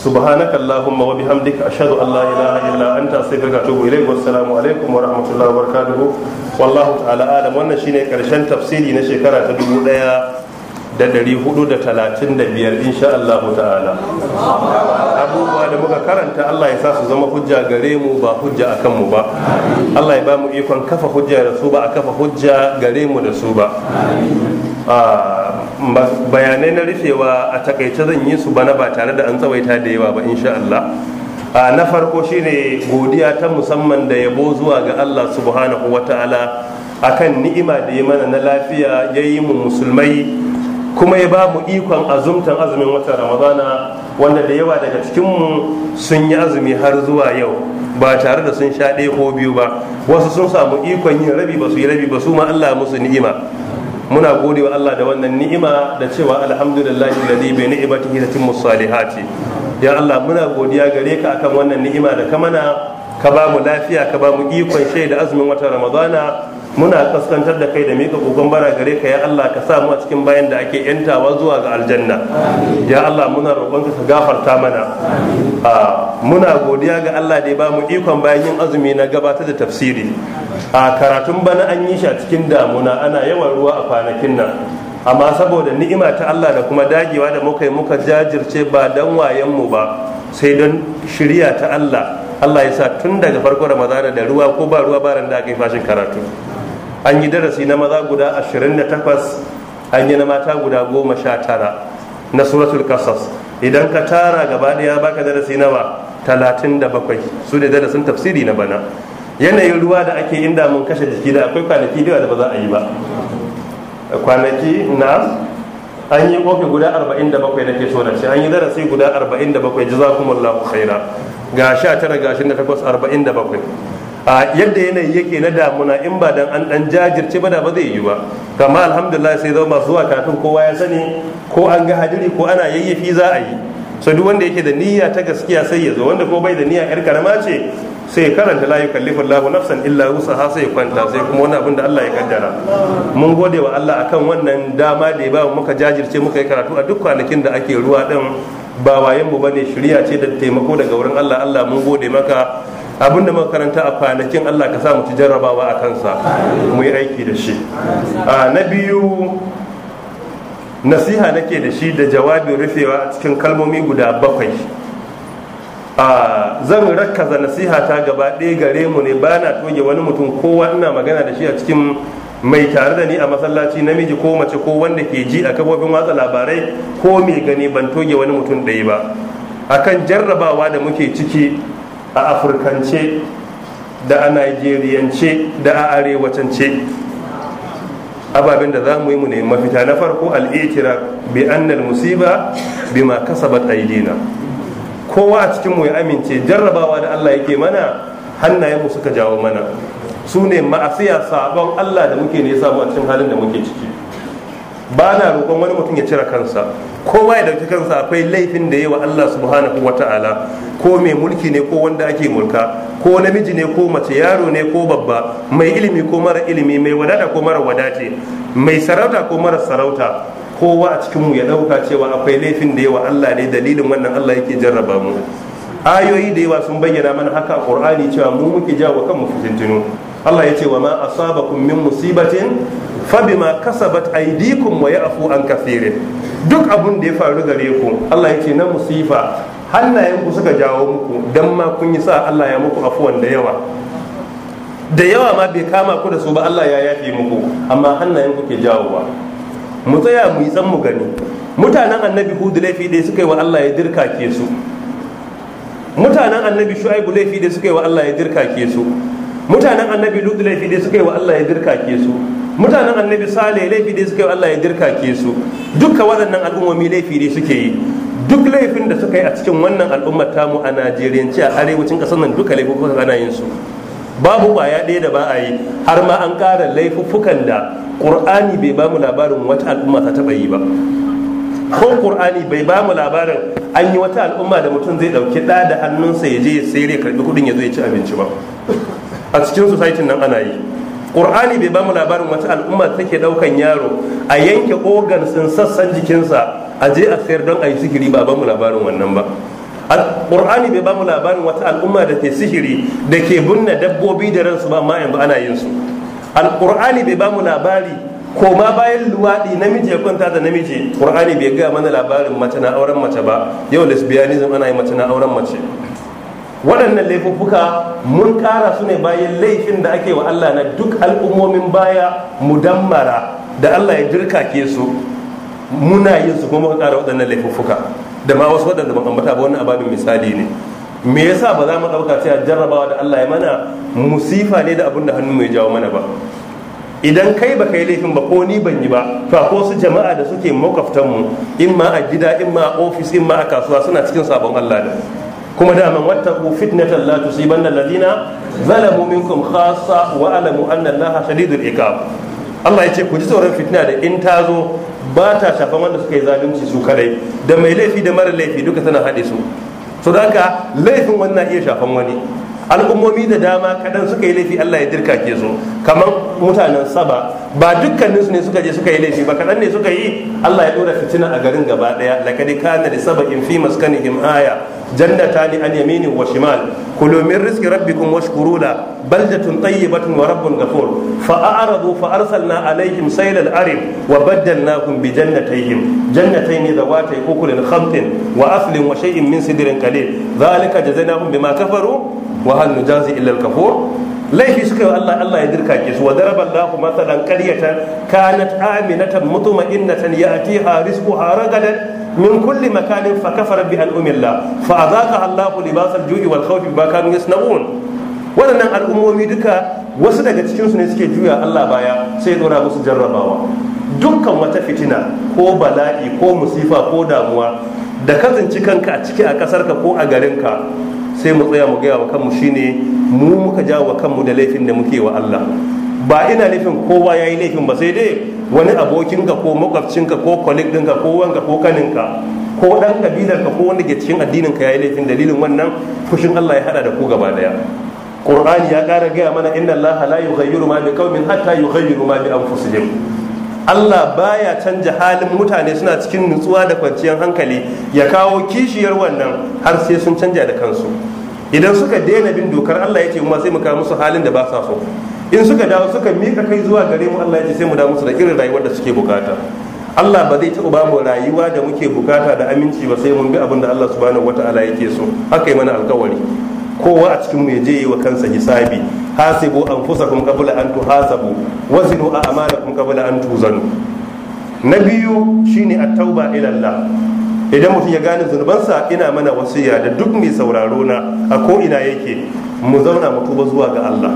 [SPEAKER 1] سبحانك اللهم وبحمدك أشهد أن لا إله إلا أنت أستغفرك وأتوب إليك والسلام عليكم ورحمة الله وبركاته والله تعالى أعلم وأن شيء كرشان تفسيري نشكرا تدعو da ɗari hudu da talatin da biyar insha Allah ta'ala abubuwa da muka karanta Allah ya sa su zama hujja gare mu ba hujja a kanmu ba Allah ya ba mu ikon kafa hujja da su ba a kafa hujja gare mu da su ba ah, bayanai na rufewa a takaice zan yi su bana ba tare da an tsawaita da yawa ba insha Allah a ah, na farko shine godiya ta musamman da yabo zuwa ga Allah subhanahu wa wata'ala akan ni'ima da ya mana na lafiya ya yi mu musulmai kuma ya ba mu ikon azumtan azumin watan ramadana wanda da yawa daga cikinmu sun yi azumi har zuwa yau ba tare da sun sha ɗaya ko biyu ba wasu sun samu ikon yin rabi ba su yi rabi ba su ma allah musu ni'ima muna gode wa allah da wannan ni'ima da cewa alhamdulillah alladhi ta ni'matihi tatimmu salihati ya allah muna godiya gare ka akan wannan ni'ima da ka mana ka ba mu lafiya ka ba mu ikon shaida azumin watan ramadana muna kaskantar da kai da mika kogon bara gare ka ya Allah ka sa mu a cikin bayan da ake yantawa zuwa ga aljanna ya Allah muna roƙon ka gafarta mana muna godiya ga Allah da ya bamu ikon bayan yin azumi na gabatar da tafsiri a karatun bana an yi shi a cikin damuna ana yawan ruwa a kwanakin nan amma saboda ni'ima ta Allah da kuma dagewa da muka yi muka jajirce ba dan wayen mu ba sai don shirya ta Allah Allah ya sa tun daga farko Ramadana da ruwa ko ba ruwa ba da aka yi fashin karatu an yi darasi na maza guda 28 an yi na mata guda 19 na suratul kasas idan ka tara gaba daya baka darasi nawa 37 su ne darasin tafsiri na bana yanayin ruwa da ake inda mun kashe jiki da akwai kwanaki da ba za a yi ba kwanaki na an yi kofi guda 47 ke so da an yi darasi guda 47 jazakumullahu khaira ga 19 ga 28 47 a yadda yanayi yake na damuna in ba dan an dan jajirce ba da ba zai yi ba kama alhamdulillah sai zama zuwa kafin kowa ya sani ko an ga hajiri ko ana yayyafi za a yi so duk wanda yake da niyya ta gaskiya sai ya zo wanda ko bai da niyya yar karama ce sai ya karanta la yukallifu Allah nafsan illa wusaha sai ya kwanta sai kuma wani abin da Allah ya kaddara mun gode wa Allah akan wannan dama da ya ba muka jajirce muka yi karatu a duk kwanakin da ake ruwa din ba wayan mu bane shirya ce da taimako daga wurin Allah Allah mun gode maka abin da makaranta a kwanakin allah ka sa mu ci jarrabawa a kansa mu yi aiki da shi na biyu nasiha nake da shi da jawabin rufewa a cikin kalmomi guda bakwai zan rakkaza nasiha ta gaba ɗaya gare mu ne ba na toge wani mutum kowa ina magana da shi a cikin mai tare da ni a masallaci namiji ko mace ko wanda ke ji a kafofin watsa labarai ko mai gani ban toge wani mutum ɗaya ba akan jarrabawa da muke ciki a afirkance da a nigeriance da a arewacance ababen da za mu yi mu ne mafita na farko al'itira bi annal musiba ma kasabat aidina kowa a cikin mu ya amince jarrabawa da Allah yake mana hannayen mu suka jawo mana su ne ma'asiya sabon Allah da muke ne samu a cikin halin da muke ciki ba na roƙon wani mutum ya cire kansa kowa ya dauki kansa akwai laifin da yawa Allah subhanahu ta'ala. ko mai mulki ne ko wanda ake mulka ko namiji ne ko mace yaro ne ko babba mai ilimi ko mara ilimi mai wadata ko mara wadace mai sarauta ko mara sarauta kowa a cikin mu ya dauka cewa akwai laifin da yawa Allah ne dalilin wannan Allah yake jarraba mu ayoyi da yawa sun bayyana mana haka a Qur'ani cewa mu muke jawo kanmu fitintinu Allah ya ce wa ma asabakum min musibatin fabima kasabat aidikum wa ya'fu an kathirin duk abun da ya faru gare ku Allah ya ce na musifa hannayen ku suka jawo muku dan ma kun yi sa Allah ya muku afuwan da yawa da yawa ma bai kama ku da su ba Allah ya yafe muku amma hannayen ku ke jawowa mu tsaya mu yi tsan mu gani mutanen annabi hudu laifi dai suka yi wa Allah ya dirka ke su mutanen annabi shu'aibu laifi dai suka yi wa Allah ya dirka ke su mutanen annabi lutu laifi dai suka yi wa Allah ya dirka ke su mutanen annabi sale laifi da suka yi Allah ya ke su duka waɗannan al'ummomi laifi ne suke yi duk laifin da suka yi a cikin wannan al'ummar tamu a najeriyanci a arewacin ƙasar nan duka laifuffukan ana yin su babu baya ɗaya da ba a yi har ma an ƙara laifuffukan da ƙur'ani bai ba mu labarin wata al'umma ta taɓa yi ba ko ƙur'ani bai ba mu labarin an yi wata al'umma da mutum zai ɗauki ɗa da hannunsa ya je ya sayar ya karɓi kuɗin ya zo ya ci abinci ba a cikin society nan ana yi ƙur'ani bai ba mu labarin wata al'umma take ɗaukan yaro a yanke ogan sun sassan jikinsa a je a sayar don a yi sihiri ba ba mu labarin wannan ba ƙur'ani bai ba mu labarin wata al'umma da ke sihiri da ke binne dabbobi da ransu ba amma yanzu ana yin su alƙur'ani bai ba mu labari ko ma bayan luwaɗi namiji ya kwanta da namiji ƙur'ani bai gaya mana labarin mace na auren mace ba yau lesbianism ana yi mace na auren mace waɗannan laifuffuka mun ƙara su ne bayan laifin da ake wa Allah na duk al'ummomin baya mu dammara. da Allah ya ke su muna yin su kuma ƙara waɗannan laifuffuka da ma wasu waɗanda ba ambata ba wannan ababin misali ne me yasa ba za mu ɗauka cewa jarrabawa da Allah ya mana musifa ne da abin da hannu mai jawo mana ba idan kai ba kai laifin ba ko ni ban yi ba to ko su jama'a da suke makwabtanmu in ma a gida in ma a ofis in ma a kasuwa suna cikin sabon Allah da kuma daman wattaku fitnatan la tusibanna alladhina zalamu minkum khassa wa alamu anna allaha shadidul iqab Allah ya ce ku ji tsoron fitna da in ta zo ba ta shafan wanda suka yi zalunci su kadai da mai laifi da mara laifi duka tana haɗe su to haka laifin wannan iya shafan wani al'ummomi da dama kaɗan suka yi laifi Allah ya dirkake su kamar mutanen saba ba dukkanin su ne suka je suka yi laifi ba kaɗan ne suka yi Allah ya dora fitina a garin gaba daya laqad kana li saba'in fi maskanihim aya jannatani an yamini wa shimal kulu min rizqi rabbikum washkuru la baldatun tayyibatun wa rabbun ghafur fa a'radu fa arsalna alaihim sayl al-arim wa baddalnahum bi jannatayhim jannatayn dawatay ukulin khamtin wa aslin wa shay'in min sidrin qalil dhalika jazainahum bima kafaru wa hal nujazi illa al kafur laifi suka yi Allah Allah ya dirka ke su wa daraba Allahu mathalan qaryatan kanat aminatan mutma'innatan ya'tiha rizquha ragadan من كل fa فكفر بأنعم الله فأذاقها الله لباس الجوع ba بما كانوا يصنعون waɗannan al'ummomi duka wasu daga cikinsu ne suke juya Allah baya sai dora musu jarrabawa dukkan wata fitina ko bala'i ko musifa ko damuwa da ka kanka a ciki a kasarka ko a garinka sai mu tsaya mu gaya wa kanmu ne mu muka jawo wa kanmu da laifin da muke wa Allah ba ina laifin kowa ya yi laifin ba sai dai wani abokinka ko makwabcinka ko kwalik dinka ko wanka ko kaninka ko ɗan ƙabilarka ko wanda ke cikin addininka ya yi laifin dalilin wannan fushin Allah ya hada da ku gaba daya Qur'ani ya ƙara gaya mana inna Allah la yughayyiru ma bi qaumin hatta yughayyiru ma bi anfusihim Allah baya canja halin mutane suna cikin nutsuwa da kwanciyar hankali ya kawo kishiyar wannan har sai sun canja da kansu idan suka daina bin dokar Allah ya ce kuma sai mu kawo musu halin da ba sa so in suka dawo suka mika kai zuwa gare mu Allah ya ce sai mu dawo musu da irin rayuwar da suke bukata Allah ba zai taɓa mu rayuwa da muke bukata da aminci ba sai mun bi abin da Allah subhanahu wata'ala yake so haka yi mana alkawari kowa a cikin mu ya je yi wa kansa hisabi hasibu anfusakum qabla an tuhasabu wazinu a'malakum qabla an tuzanu na biyu shine at-tauba ila Allah idan mutum ya gane zunubansa ina mana wasiya da duk mai sauraro na a ko ina yake mu zauna mu tuba zuwa ga Allah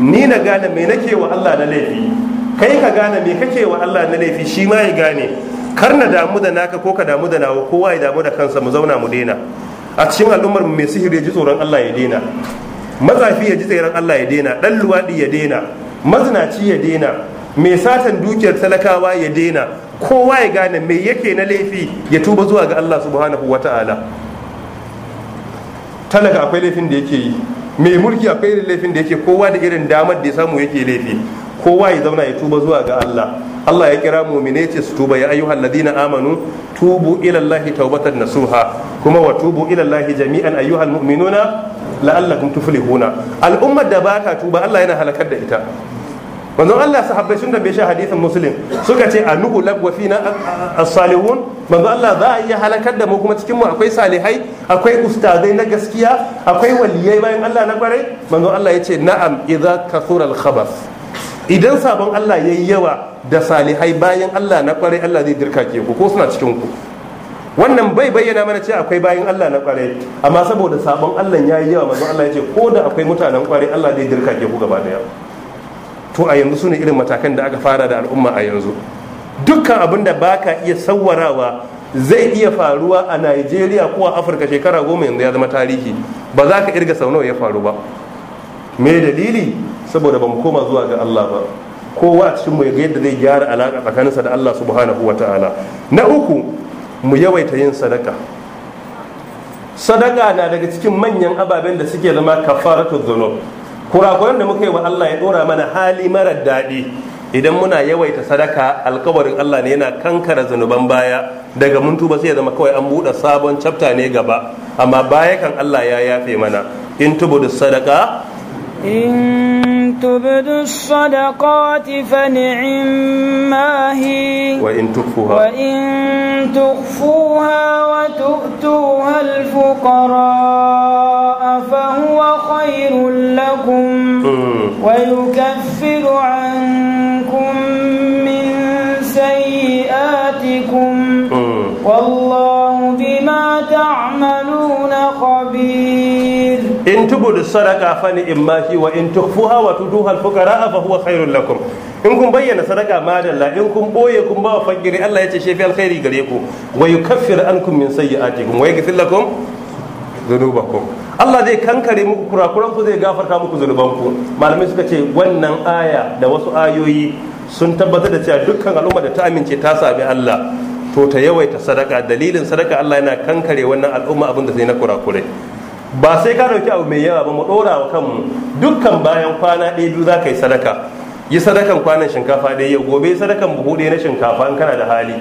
[SPEAKER 1] ni na gane me nake wa Allah na laifi kai ka gane me kake wa Allah na laifi shi ma ya gane kar na damu da naka ko ka damu da nawa kowa ya damu da kansa mu zauna mu daina a cikin al'ummar mu mai sihiri ji tsoron Allah ya daina mazafi ya ji tseren Allah ya daina ɗan luwaɗi ya daina mazinaci ya daina mai satan dukiyar talakawa ya daina kowa ya gane mai yake na laifi ya tuba zuwa ga Allah subhanahu ta'ala talaka akwai laifin da yake yi mai mulki akwai irin laifin da yake kowa da irin damar da ya samu yake laifi kowa ya zauna ya tuba zuwa ga Allah Allah ya kira mu'mine ce su tuba ya ayyuhal ladina amanu tubu ila Allah tawbatan nasuha kuma wa tubu ila Allah jami'an ayyuhal mu'minuna la'allakum tuflihuna al'ummar da baka tuba Allah yana halakar da ita manzon Allah sahabbai sun dabe shi hadisin muslim suka ce a nuhu lagwa fina as-salihun manzon Allah za a iya halakar da mu kuma cikin mu akwai salihai akwai ustazai na gaskiya akwai waliyai bayan Allah na kwarai manzon Allah yace na'am idza kathura al-khabath idan sabon Allah yayi yawa da salihai bayan Allah na kwarai Allah zai dirka ke ku ko suna cikin ku wannan bai bayyana mana cewa akwai bayin Allah na kwarai amma saboda sabon Allah ya yi yawa manzo Allah ya ce ko da akwai mutanen kwarai Allah zai dirka ke ku gaba daya to a yanzu sune irin matakan da aka fara da al'umma a yanzu dukkan abin da baka iya sawwarawa zai iya faruwa a Najeriya ko a Afirka shekara goma yanzu ya zama tarihi ba za ka irga sau nawa ya faru ba me dalili saboda ba mu koma zuwa ga Allah ba kowa a cikin mai ga yadda zai gyara alaka tsakaninsa da Allah subhanahu ta'ala na uku mu yawaita yin sadaka sadaka na daga cikin manyan ababen da suke zama kafaratu dhunub kurakuran da muka yi wa Allah ya dora mana hali mara daɗi idan muna yawaita sadaka alkawarin Allah ne yana kankara zunuban baya daga mun tuba sai ya zama kawai an buɗe sabon chapter ne gaba amma baya kan Allah ya yafe mana in tubu sadaka
[SPEAKER 2] in تبدوا الصدقات فنعما هي
[SPEAKER 1] وإن تخفوها
[SPEAKER 2] وإن تخفوها وتؤتوها الفقراء فهو خير لكم ويكفر عنكم من سيئاتكم والله بما تعملون خبير
[SPEAKER 1] in tubudu sadaka fa ni imma wa in tukhfuha wa tuduha al-fuqara fa huwa khairul lakum in kun bayyana sadaka ma Allah in kun boye kun ba fakiri Allah ya ce shefi alkhairi gare ku wa yukaffir ankum min sayyi'atikum wa yaghfir lakum dhunubakum Allah zai kankare muku kurakuran ku zai gafarta muku ku malamai suka ce wannan aya da wasu ayoyi sun tabbatar da cewa dukkan al'umma da ta amince ta sami Allah to ta yawaita sadaka dalilin sadaka Allah yana kankare wannan al'umma abinda da na kurakurai ba sai ka dauki abu mai yawa ba mu dora wa kanmu dukkan bayan kwana ɗaya biyu za ka yi sadaka yi sadakan kwanan shinkafa ɗaya yau gobe sadakan buhu ɗaya na shinkafa in kana da hali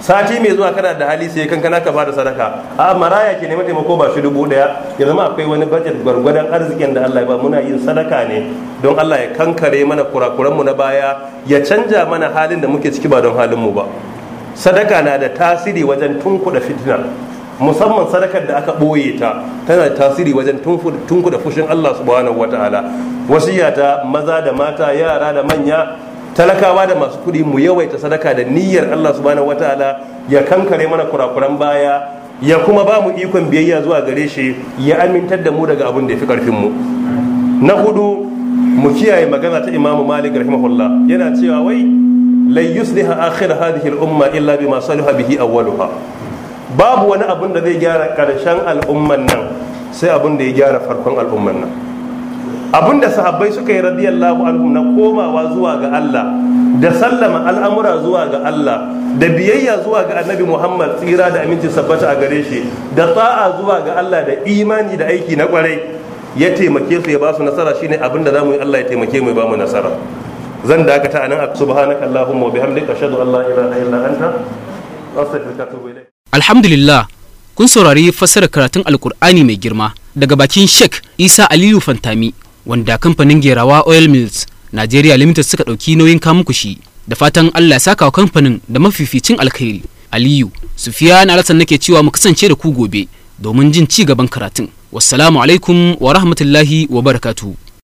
[SPEAKER 1] sati mai zuwa kana da hali sai kankana ka bada sadaka a maraya ke neman taimako ba shi dubu ɗaya. ya zama akwai wani bajet gwargwadon arzikin da Allah ya ba muna yin sadaka ne don Allah ya kankare mana kurakuran mu na baya ya canja mana halin da muke ciki ba don halin mu ba sadaka na da tasiri wajen tunkuɗa fitina musamman sadakar da aka ɓoye ta tana da tasiri wajen tunku da fushin Allah subhanahu ta’ala, wasiya ta maza da mata yara da manya talakawa da masu kuɗi mu yawaita sadaka da niyyar Allah subhanahu ta'ala ya kankare mana kurakuran baya ya kuma ba mu ikon biyayya zuwa gare shi ya amintar da mu daga abin da ya fi karfin mu na hudu mu kiyaye magana ta imamu malik rahimahullah yana cewa wai lai yusliha akhir hadhihi al-umma illa bima salaha bihi awwaluha babu wani abin da zai gyara karshen al'umman nan sai abin da ya gyara farkon al'umman nan abin da sahabbai suka yi radiyallahu anhum na komawa zuwa ga Allah da sallama al'amura zuwa ga Allah da biyayya zuwa ga annabi Muhammad tsira da aminci sabbata a gare shi da ta'a zuwa ga Allah da imani da aiki na kwarai ya taimake su ya ba su nasara shine abin da zamu yi Allah ya taimake mu ba mu nasara zan dakata anan subhanakallahumma wa bihamdika ashhadu an la ilaha illa anta astaghfiruka wa atubu ilayk
[SPEAKER 2] Alhamdulillah kun saurari fassara
[SPEAKER 1] karatun Alkur'ani mai girma daga bakin Sheikh Isa Aliyu Fantami wanda kamfanin Gerawa Oil Mills Nigeria Limited suka ɗauki nauyin kamuku shi da fatan Allah ya saka wa kamfanin da mafificin alkhairi. Aliyu Sufiya na alasan nake cewa mu kasance da ku gobe domin jin ci gaban karatun. Wassalamu alaikum wa rahmatullahi wa barakatuhu.